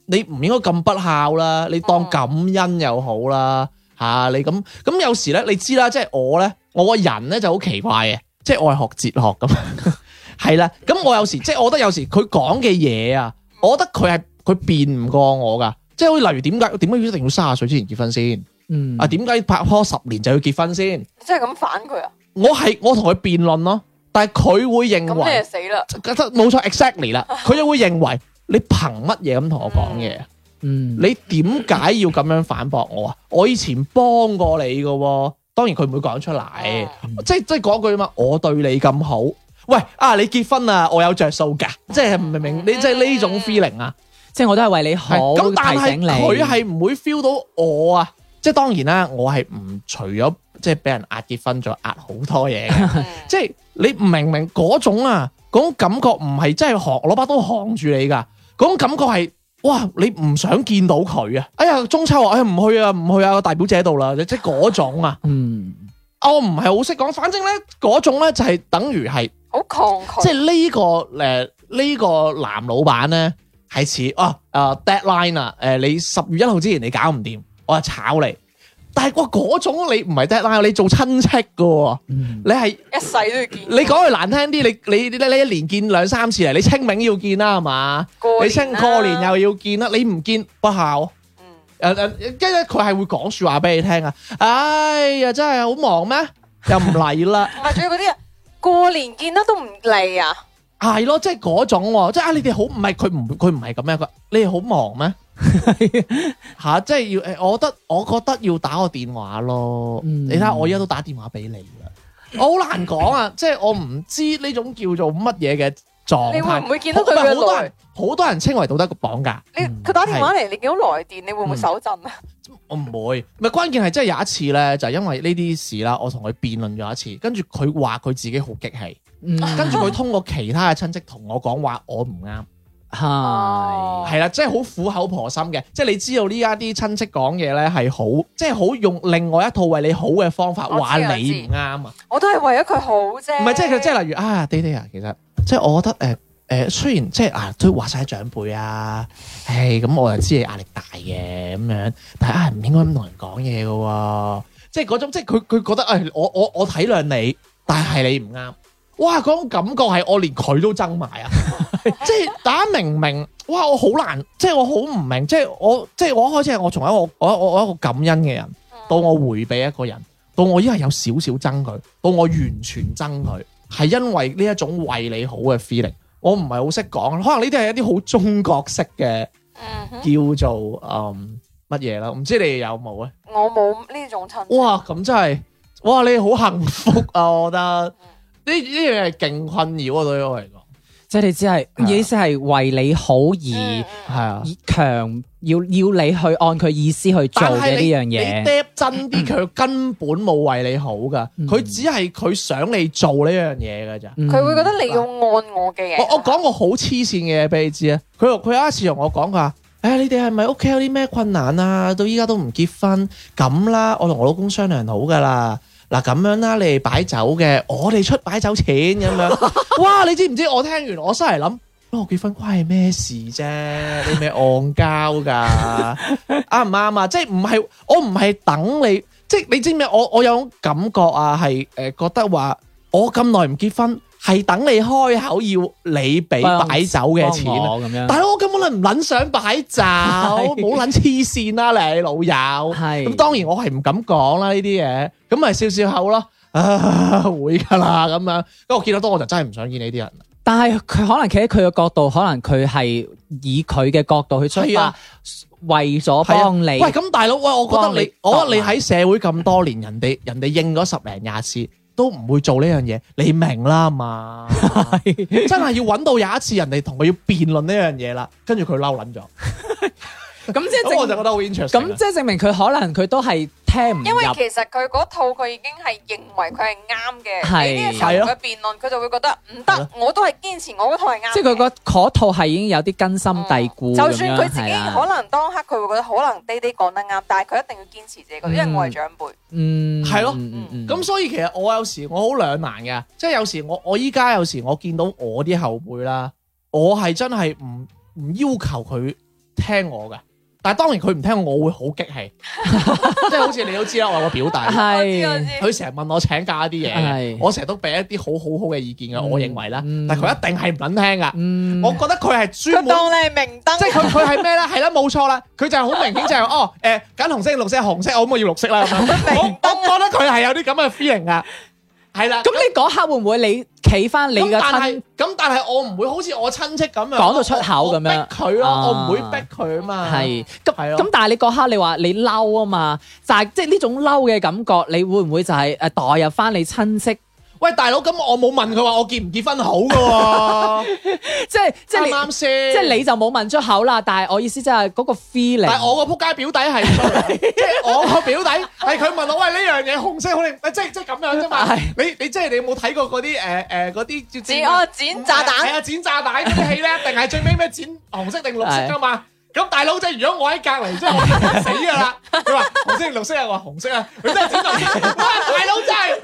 你唔應該咁不孝啦。你當感恩又好啦，吓、嗯啊、你咁咁有時咧，你知啦，即係我咧，我個人咧就好奇怪嘅，即係我係學哲學咁，係 啦。咁我有時即係，我覺得有時佢講嘅嘢啊，我覺得佢係佢辯唔過我噶。即係例如點解點解一定要卅歲之前結婚先？嗯，啊點解拍拖十年就要結婚先？即係咁反佢啊？我係我同佢辯論咯。但係佢會認為即係死啦，覺得冇錯，exactly 啦。佢又會認為你憑乜嘢咁同我講嘢？嗯，你點解要咁樣反駁我啊？ 我以前幫過你噶，當然佢唔會講出嚟，嗯，即係即係講句嘛。我對你咁好，喂啊，你結婚啦，我有着數噶，即係明明你，你即係呢種 feeling 啊，即係我都係為你好你。咁但係佢係唔會 feel 到我啊，即係當然啦，我係唔除咗。即係俾人壓結婚咗，壓好多嘢。即係你明唔明嗰種啊？嗰種感覺唔係真係扛，攞把刀扛住你噶。嗰種感覺係哇，你唔想見到佢啊！哎呀，中秋啊，哎唔去啊，唔去啊，大表姐度啦，即係嗰種啊。 嗯，我唔係好識講，反正咧嗰種咧就係、是、等於係好抗拒即係呢、呢個誒呢、呃呢個男老闆咧係似啊、哦 uh, deadline 啊、呃、誒，你十月一號之前你搞唔掂，我啊炒你。但係哇，嗰種你唔係爹媽，你做親戚嘅喎，嗯、你係是一世都要見你。你講句難聽啲，你你你一年見兩三次嚟，你清明要見啦，係嘛、啊？你清過年又要見啦，你唔見不孝。啊、嗯。誒誒、啊，跟住佢係會講説話俾你聽啊！哎呀，真係好忙咩？又唔嚟啦。係， 仲有嗰啲過年見得都唔嚟啊！係咯， 即係嗰種喎，即係啊！你哋好唔係佢唔佢唔係咁樣，佢你哋好忙咩？吓、 啊，即係要誒，我覺得我覺得要打個電話咯。嗯、你睇下，我依家都打電話俾你啦。我好難講啊， 即係我唔知呢種叫做乜嘢嘅狀態。你會唔會見到佢嘅來？好多人稱為道德嘅綁架。你佢打電話嚟，你見到來電，你會唔會手震啊？嗯、我唔會。咪關鍵係，即係有一次咧，就係，因為呢啲事啦，我同佢辯論咗一次，跟住佢話佢自己好激氣，嗯、 跟住佢通過其他嘅親戚同我講話，我唔啱。係係啦，即係好苦口婆心嘅，即係你知道呢家啲親戚講嘢咧係好，即係好用另外一套為你好嘅方法話你唔啱啊！我都係為咗佢好啫，唔係即係即係例如啊，爹哋啊，其實即係我覺得誒誒、呃呃，雖然即係啊都話晒長輩啊，誒咁、啊、我又知你壓力大嘅咁樣，但係啊唔應該咁同人講嘢噶喎，即係嗰種即係佢佢覺得誒、啊，我我我體諒你，但係你唔啱。哇！嗰種感覺係我連佢都憎埋啊！ 即係大家明明哇，我好難，即係我好唔明，即係我即係我一開始係我從一個我我我一個感恩嘅人，嗯、到我回避一個人，到我依家有少少憎佢，到我完全憎佢，係因為呢一種為你好嘅 feeling，我唔係好識講，可能呢啲係一啲好中國式嘅、嗯、哼叫做誒乜嘢啦，唔知你哋有冇咧？我冇呢種親。哇！咁真係，哇！你好幸福啊，我覺得。嗯呢呢樣嘢係勁困擾啊，對於我嚟講，即係你只係意思係為你好而係啊，強要要你去按佢意思去做嘅呢樣嘢。你 d e 真啲，佢 根本冇為你好噶，佢 只係佢想你做呢樣嘢噶咋。佢會覺得你要按我嘅嘢，啊。 我我講個好黐線嘅嘢俾你知啊！佢佢有一次同我講佢話：，誒、哎，你哋係咪屋企有啲咩困難啊？到依家都唔結婚咁啦，我同我，我老公商量好噶啦。 嗱咁樣啦，你擺酒嘅，我、哦、哋出擺酒錢咁樣。哇，你知唔知？我聽完我心嚟諗，我、那個、結婚關你咩事啫？你咩戇膠噶？啱唔啱啊？即係唔係我唔係等你，即係你知唔知？我我有種感覺啊，係誒覺得話我咁耐唔結婚，係等你開口要你俾擺酒嘅錢咁樣。但係我根本都唔捻想擺酒，冇捻黐線啦你老友。係咁是，當然我係唔敢講啦呢啲嘢。咁咪笑笑口咯，啊會噶啦咁樣。因為我見得多，我就真係唔想見呢啲人。但係佢可能企喺佢嘅角度，可能佢係以佢嘅角度去出發，啊，為咗幫你。啊。喂，咁大佬，喂，我覺得你，你我覺得你喺社會咁多年，對 人哋人哋應咗十零廿次，都唔會做呢樣嘢，你明啦嘛？是 真係要揾到有一次人哋同佢要辯論呢樣嘢啦，跟住佢嬲捻咗。咁即係我就覺得好 interesting，咁即係證明佢可能佢都係。因為其實佢嗰套佢已經係認為佢係啱嘅，呢啲時候嘅辯論佢就會覺得唔得，我都係堅持我嗰套係啱。即係佢嗰嗰套係已經有啲根深蒂固。就算佢自己可能當刻佢會覺得可能爹哋講得啱，但係佢一定要堅持自己，因為我係長輩。嗯，係咯，咁所以其實我有時我好兩難嘅，即係有時我我依家有時我見到我啲後輩啦，我係真係唔唔要求佢聽我嘅。但係當然佢唔聽，我會好激氣，即 係好似你都知啦，我有個表弟，佢成日問我請假啲嘢，是我成日都俾一啲好好好嘅意見嘅，嗯、我認為啦，嗯、但佢一定係唔撚聽噶，嗯、我覺得佢係專門當明、啊、即係佢佢係咩咧？係啦、冇、啊、錯啦，佢就係好明顯就係、是、 哦誒揀、欸、紅色、綠色、紅色，我唔可以要綠色啦？ 燈啊、我，我覺得佢係有啲咁嘅 feel 噶，係啦。咁 你嗰刻會唔會你？企翻你嘅親，咁但係，咁但係我唔會好似我親戚咁樣講到出口咁樣，逼佢咯，我唔、啊、會逼佢啊嘛。係，咁咁係咯，但係你嗰刻你話你嬲啊嘛，就係即係呢種嬲嘅感覺，你會唔會就係誒代入翻你親戚？喂，大佬，咁我冇問佢話我結唔結婚好噶、啊 ，即係才即係啱先，即係你就冇問出口啦。但係我意思即係嗰個 feel 嚟。但係我個仆街表弟係、 即係、我個表弟係佢問我喂，呢樣嘢紅色好靚即係即係咁樣啫嘛？ 你 你即係你，你，你有冇睇過嗰啲誒誒啲叫剪我剪炸彈？係啊，剪炸彈嗰啲戲咧，定係最尾咩剪紅色定綠色㗎嘛？ 咁大佬仔，如果 我喺隔籬，真係死噶啦！佢話紅色、紅色啊、綠色啊，我話紅色啊，佢真係剪錯嘢！大佬仔，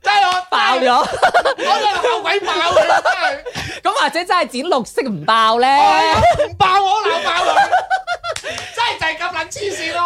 真係我爆咗，我真係鬧鬼爆嘅。咁或者真係剪綠色唔爆咧、啊哎？啊、爆我鬧爆你，真係就係咁捻黐線咯！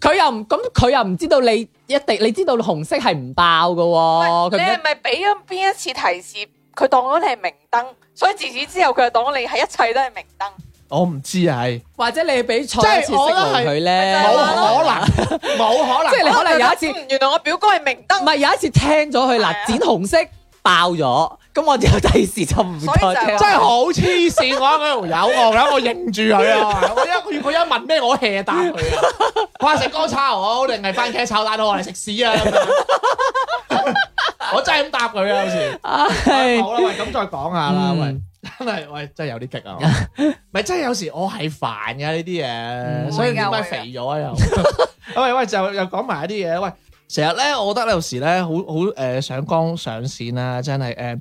咁佢又咁，佢又唔知道你一定，你知道紅色係唔爆噶、啊？你係咪俾咗邊一次提示？佢當咗你係明燈，所以自此之後，佢就當咗你係一切都係明燈。我唔知啊，或者你俾彩一次識佢咧，冇可能，冇可能，即係你可能有一次，原來我表哥係明德，唔係有一次聽咗佢嗱剪紅色爆咗，咁我就第時就唔再聽，真係好黐線，我喺度有我，我認住佢啊，我一佢一問咩，我 hea 答佢啊，我話食乾炒啊，我定係番茄炒蛋我哋食屎啊，我真係咁答佢啊，有時好啦，喂，咁再講下啦，喂。真係 喂，真係有啲激啊！咪 真係有時我係煩嘅呢啲嘢，所以點解肥咗啊？又喂 喂，就又講埋一啲嘢。喂，成日咧，我覺得有時咧，好好誒，上綱上線啊，真係誒、呃，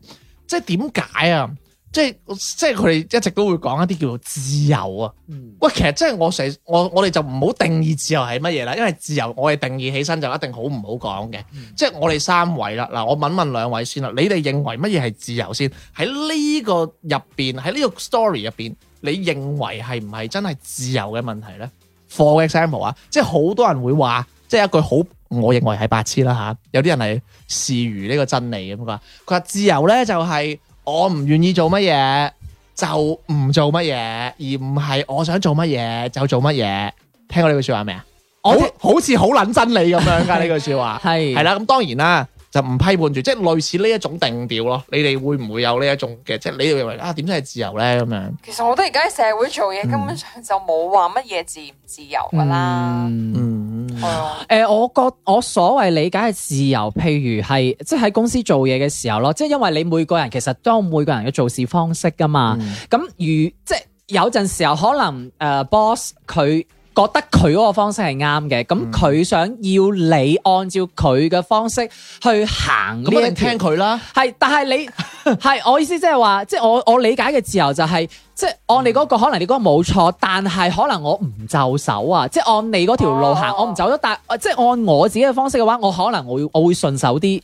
即係點解啊？即係，即係佢哋一直都會講一啲叫做自由啊。喂、嗯，其實即係我成我我哋就唔好定義自由係乜嘢啦。因為自由我哋定義起身就一定好唔好講嘅。嗯、即係我哋三位啦，嗱，我問問兩位先啦。你哋認為乜嘢係自由先？喺呢個入邊，喺呢個 story 入邊，你認為係唔係真係自由嘅問題呢？For example 啊，即係好多人會話，即係一句好，我認為係白痴啦吓、啊。有啲人係視如呢個真理咁話，佢話自由呢就係、是。我唔願意做乜嘢，就唔做乜嘢，而唔係我想做乜嘢就做乜嘢。聽過呢句說話未啊？好好似好捻真理咁樣噶呢句說話，係係啦。咁當然啦，就唔批判住，即係類似呢一種定調咯。你哋會唔會有呢一種嘅？即係你哋認為啊，點解係自由咧？咁樣其實我覺得而家喺社會做嘢，嗯、根本上就冇話乜嘢自唔自由噶啦。嗯嗯誒、oh. 呃，我覺我所謂理解嘅自由，譬如係即係喺公司做嘢嘅時候咯，即係因為你每個人其實都有每個人嘅做事方式噶嘛，咁、mm. 如即係有陣時候可能誒、呃，boss 佢。我覺得佢嗰個方式係啱嘅，咁佢、嗯、想要你按照佢嘅方式去行，咁你聽佢啦。係，但係你係 我意思，即係話，即係我我理解嘅自由就係、是，即、就、係、是、按你嗰、那個，嗯、可能你嗰個冇錯，但係可能我唔就手啊，即、就、係、是、按你嗰條路行，哦、我唔走咗，但即係、就是、按我自己嘅方式嘅話，我可能我會我會順手啲。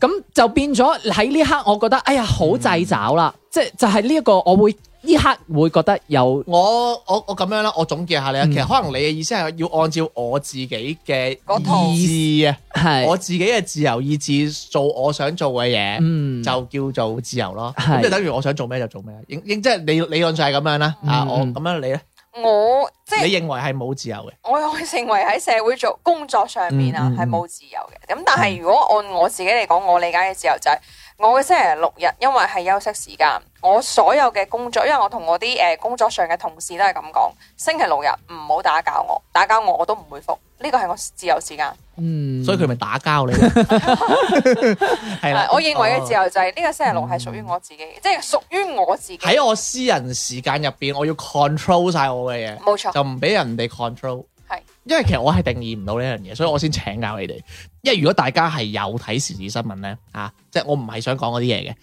咁就變咗喺呢刻，我覺得哎呀好掣肘啦，即係、嗯、就係呢一個我會。呢刻會覺得有我我我咁樣啦，我總結下你啊。其實可能你嘅意思係要按照我自己嘅意志啊，係我自己嘅自由意志做我想做嘅嘢，嗯，就叫做自由咯。即係等於我想做咩就做咩，應即係理理論上係咁樣啦。啊，我咁樣你咧？我即係你認為係冇自由嘅，我又認為喺社會做工作上面啊係冇自由嘅。咁但係如果按我自己嚟講，我理解嘅自由就係。我嘅星期六日，因為係休息時間，我所有嘅工作，因為我同我啲誒工作上嘅同事都係咁講，星期六日唔好打攪我，打攪我我都唔會覆呢個係我自由時間。嗯，所以佢咪打攪你？係啦 了，我認為嘅自由就係呢個星期六係屬於我自己，即係屬於我自己喺我私人時間入邊，我要 control 晒我嘅嘢，冇錯，就唔俾人哋 control。因為其實我係定義唔到呢樣嘢，所以我先請教你哋。因為如果大家係有睇時事新聞咧，啊，即係我唔係想講嗰啲嘢嘅。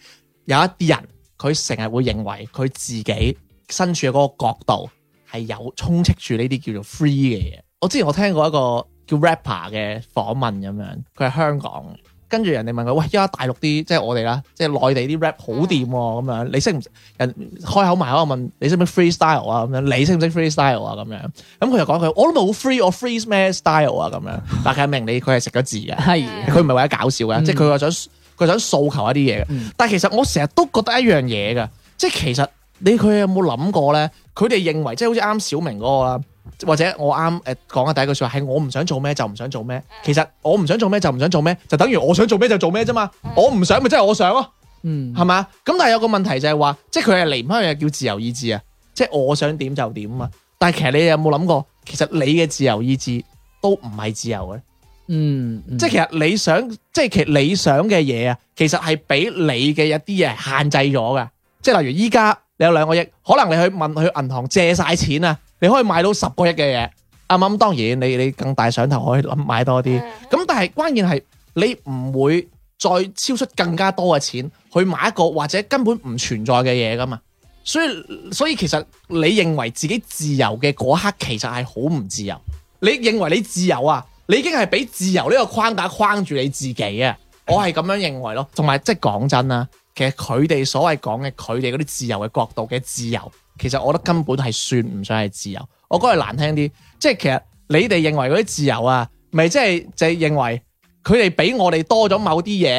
有一啲人佢成日會認為佢自己身處嘅嗰個角度係有充斥住呢啲叫做 free 嘅嘢。我之前我聽過一個叫 rapper 嘅訪問咁樣，佢係香港。跟住人哋問佢，喂，而家大陸啲即係我哋啦，即係內地啲 rap 好掂喎，咁、嗯、樣你識唔識人開口埋口問你識唔識 freestyle 啊？咁樣你識唔識 freestyle 啊？咁樣咁佢就講佢我都冇 free or free 咩 style 啊？咁樣，但係 明你佢係食咗字嘅，係佢唔係為咗搞笑嘅， 即係佢話想佢想訴求一啲嘢嘅。 但係其實我成日都覺得一樣嘢嘅，即係其實你佢有冇諗過咧？佢哋認為即係好似啱啱小明嗰、那個啦。或者我啱誒講嘅第一句説話係我唔想做咩就唔想做咩。其實我唔想做咩就唔想做咩，就等於我想做咩就做咩啫嘛。我唔想咪即係我想咯、啊，嗯，係嘛？咁但係有個問題就係話，即係佢係離唔開嘢叫自由意志啊。即係我想點就點啊。但係其實你有冇諗過，其實你嘅自由意志都唔係自由嘅、嗯。嗯，即係其實你想，即係其實你想嘅嘢啊，其實係俾你嘅一啲嘢限制咗嘅。即係例如依家你有兩個億，可能你去問去銀行借晒錢啊。你可以買到十個億嘅嘢，啱、嗯、啱？當然你，你你更大上頭可以諗買多啲。咁、嗯、但係關鍵係你唔會再超出更加多嘅錢去買一個或者根本唔存在嘅嘢噶嘛。所以所以其實你認為自己自由嘅嗰刻其實係好唔自由。你認為你自由啊？你已經係俾自由呢個框架框住你自己啊！我係咁樣認為咯。同埋即係講真啦，其實佢哋所謂講嘅佢哋嗰啲自由嘅角度嘅自由。其實我覺得根本係算唔上係自由，我講嚟難聽啲，即係其實你哋認為嗰啲自由啊，咪即係就係認為佢哋比我哋多咗某啲嘢，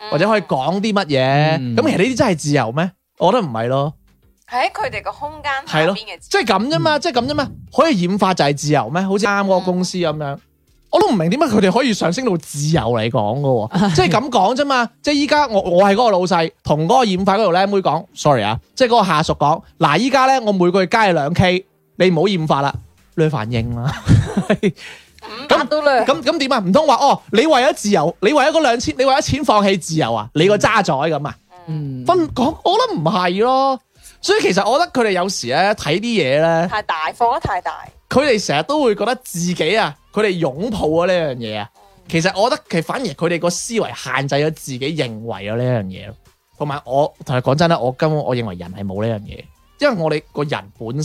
嗯、或者可以講啲乜嘢，咁、嗯、其實呢啲真係自由咩？我覺得唔係咯，喺佢哋個空間下邊係囉，即係咁啫嘛，即係咁啫嘛，可以演化就係自由咩？好似啱嗰個公司咁樣。嗯我都唔明點解佢哋可以上升到自由嚟講噶，即係咁講啫嘛。即係依家我我係嗰個老細，同嗰個染髮嗰度僆妹講，sorry 啊，即係嗰個下屬講。嗱，依家咧我每個月加你兩 k，你唔好染髮啦，你反應啦。咁咁點啊？唔通話哦，你為咗自由，你為咗嗰兩千，你為咗錢放棄自由啊？你個渣仔咁啊？嗯、分講，我諗唔係咯。所以其實我覺得佢哋有時咧睇啲嘢咧太大，放得太大。佢哋成日都會覺得自己啊，佢哋擁抱啊呢樣嘢啊。其實我覺得，其實反而佢哋個思維限制咗自己，認為咗呢樣嘢。同埋我同你講真啦，我根本我認為人係冇呢樣嘢，因為我哋個人本身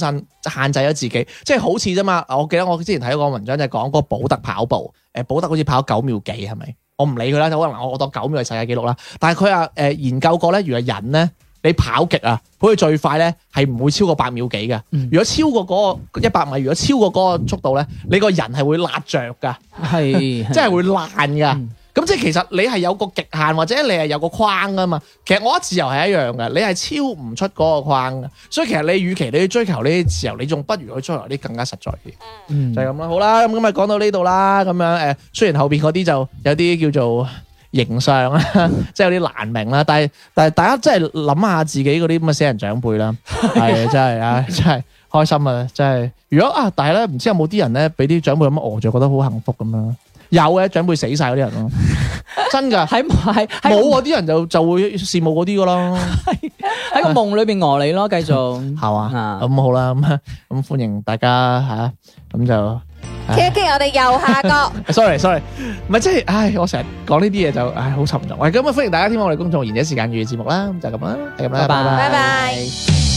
限制咗自己，即係好似啫嘛。我記得我之前睇過一個文章就係講嗰個保德跑步，誒保德好似跑九秒幾係咪？我唔理佢啦，就可能我當九秒係世界紀錄啦。但係佢啊，誒研究過咧，如果人呢？你跑極啊，好似最快咧，係唔會超過八秒幾嘅。嗯、如果超過嗰個一百米，如果超過嗰個速度咧，你個人係會辣着噶係是，即係會爛噶咁即係其實你係有個極限，或者你係有個框噶嘛。其實我覺得自由係一樣嘅，你係超唔出嗰個框嘅。所以其實你與其你追求呢啲自由，你仲不如去追求啲更加實在嘅。嗯、就係咁啦，好啦，咁咁啊講到呢度啦，咁樣，誒，雖然後邊嗰啲就有啲叫做。影相啦，即係有啲難明啦，但係但係大家真係諗下自己嗰啲咁嘅死人長輩啦，係真係啊，真係、哎、開心啊，真係。如果啊，但係咧，唔知有冇啲人咧，俾啲長輩咁樣餓住，覺得好幸福咁、啊、樣？有嘅，長輩死晒嗰啲人咯， 真噶的，喺喺冇啊，啲人就就會羨慕嗰啲噶咯，喺個夢裏邊餓你咯，繼續係嘛，咁 好啦、啊，咁咁、啊、歡迎大家吓，咁、啊、就。K K，我哋右下角。 sorry Sorry，唔係即係，唉，我成日講呢啲嘢，就唉好沉重。喂，咁啊，歡迎大家聽我哋公眾賢者時間粵語節目啦，就咁啦，係咁啦，拜拜拜拜。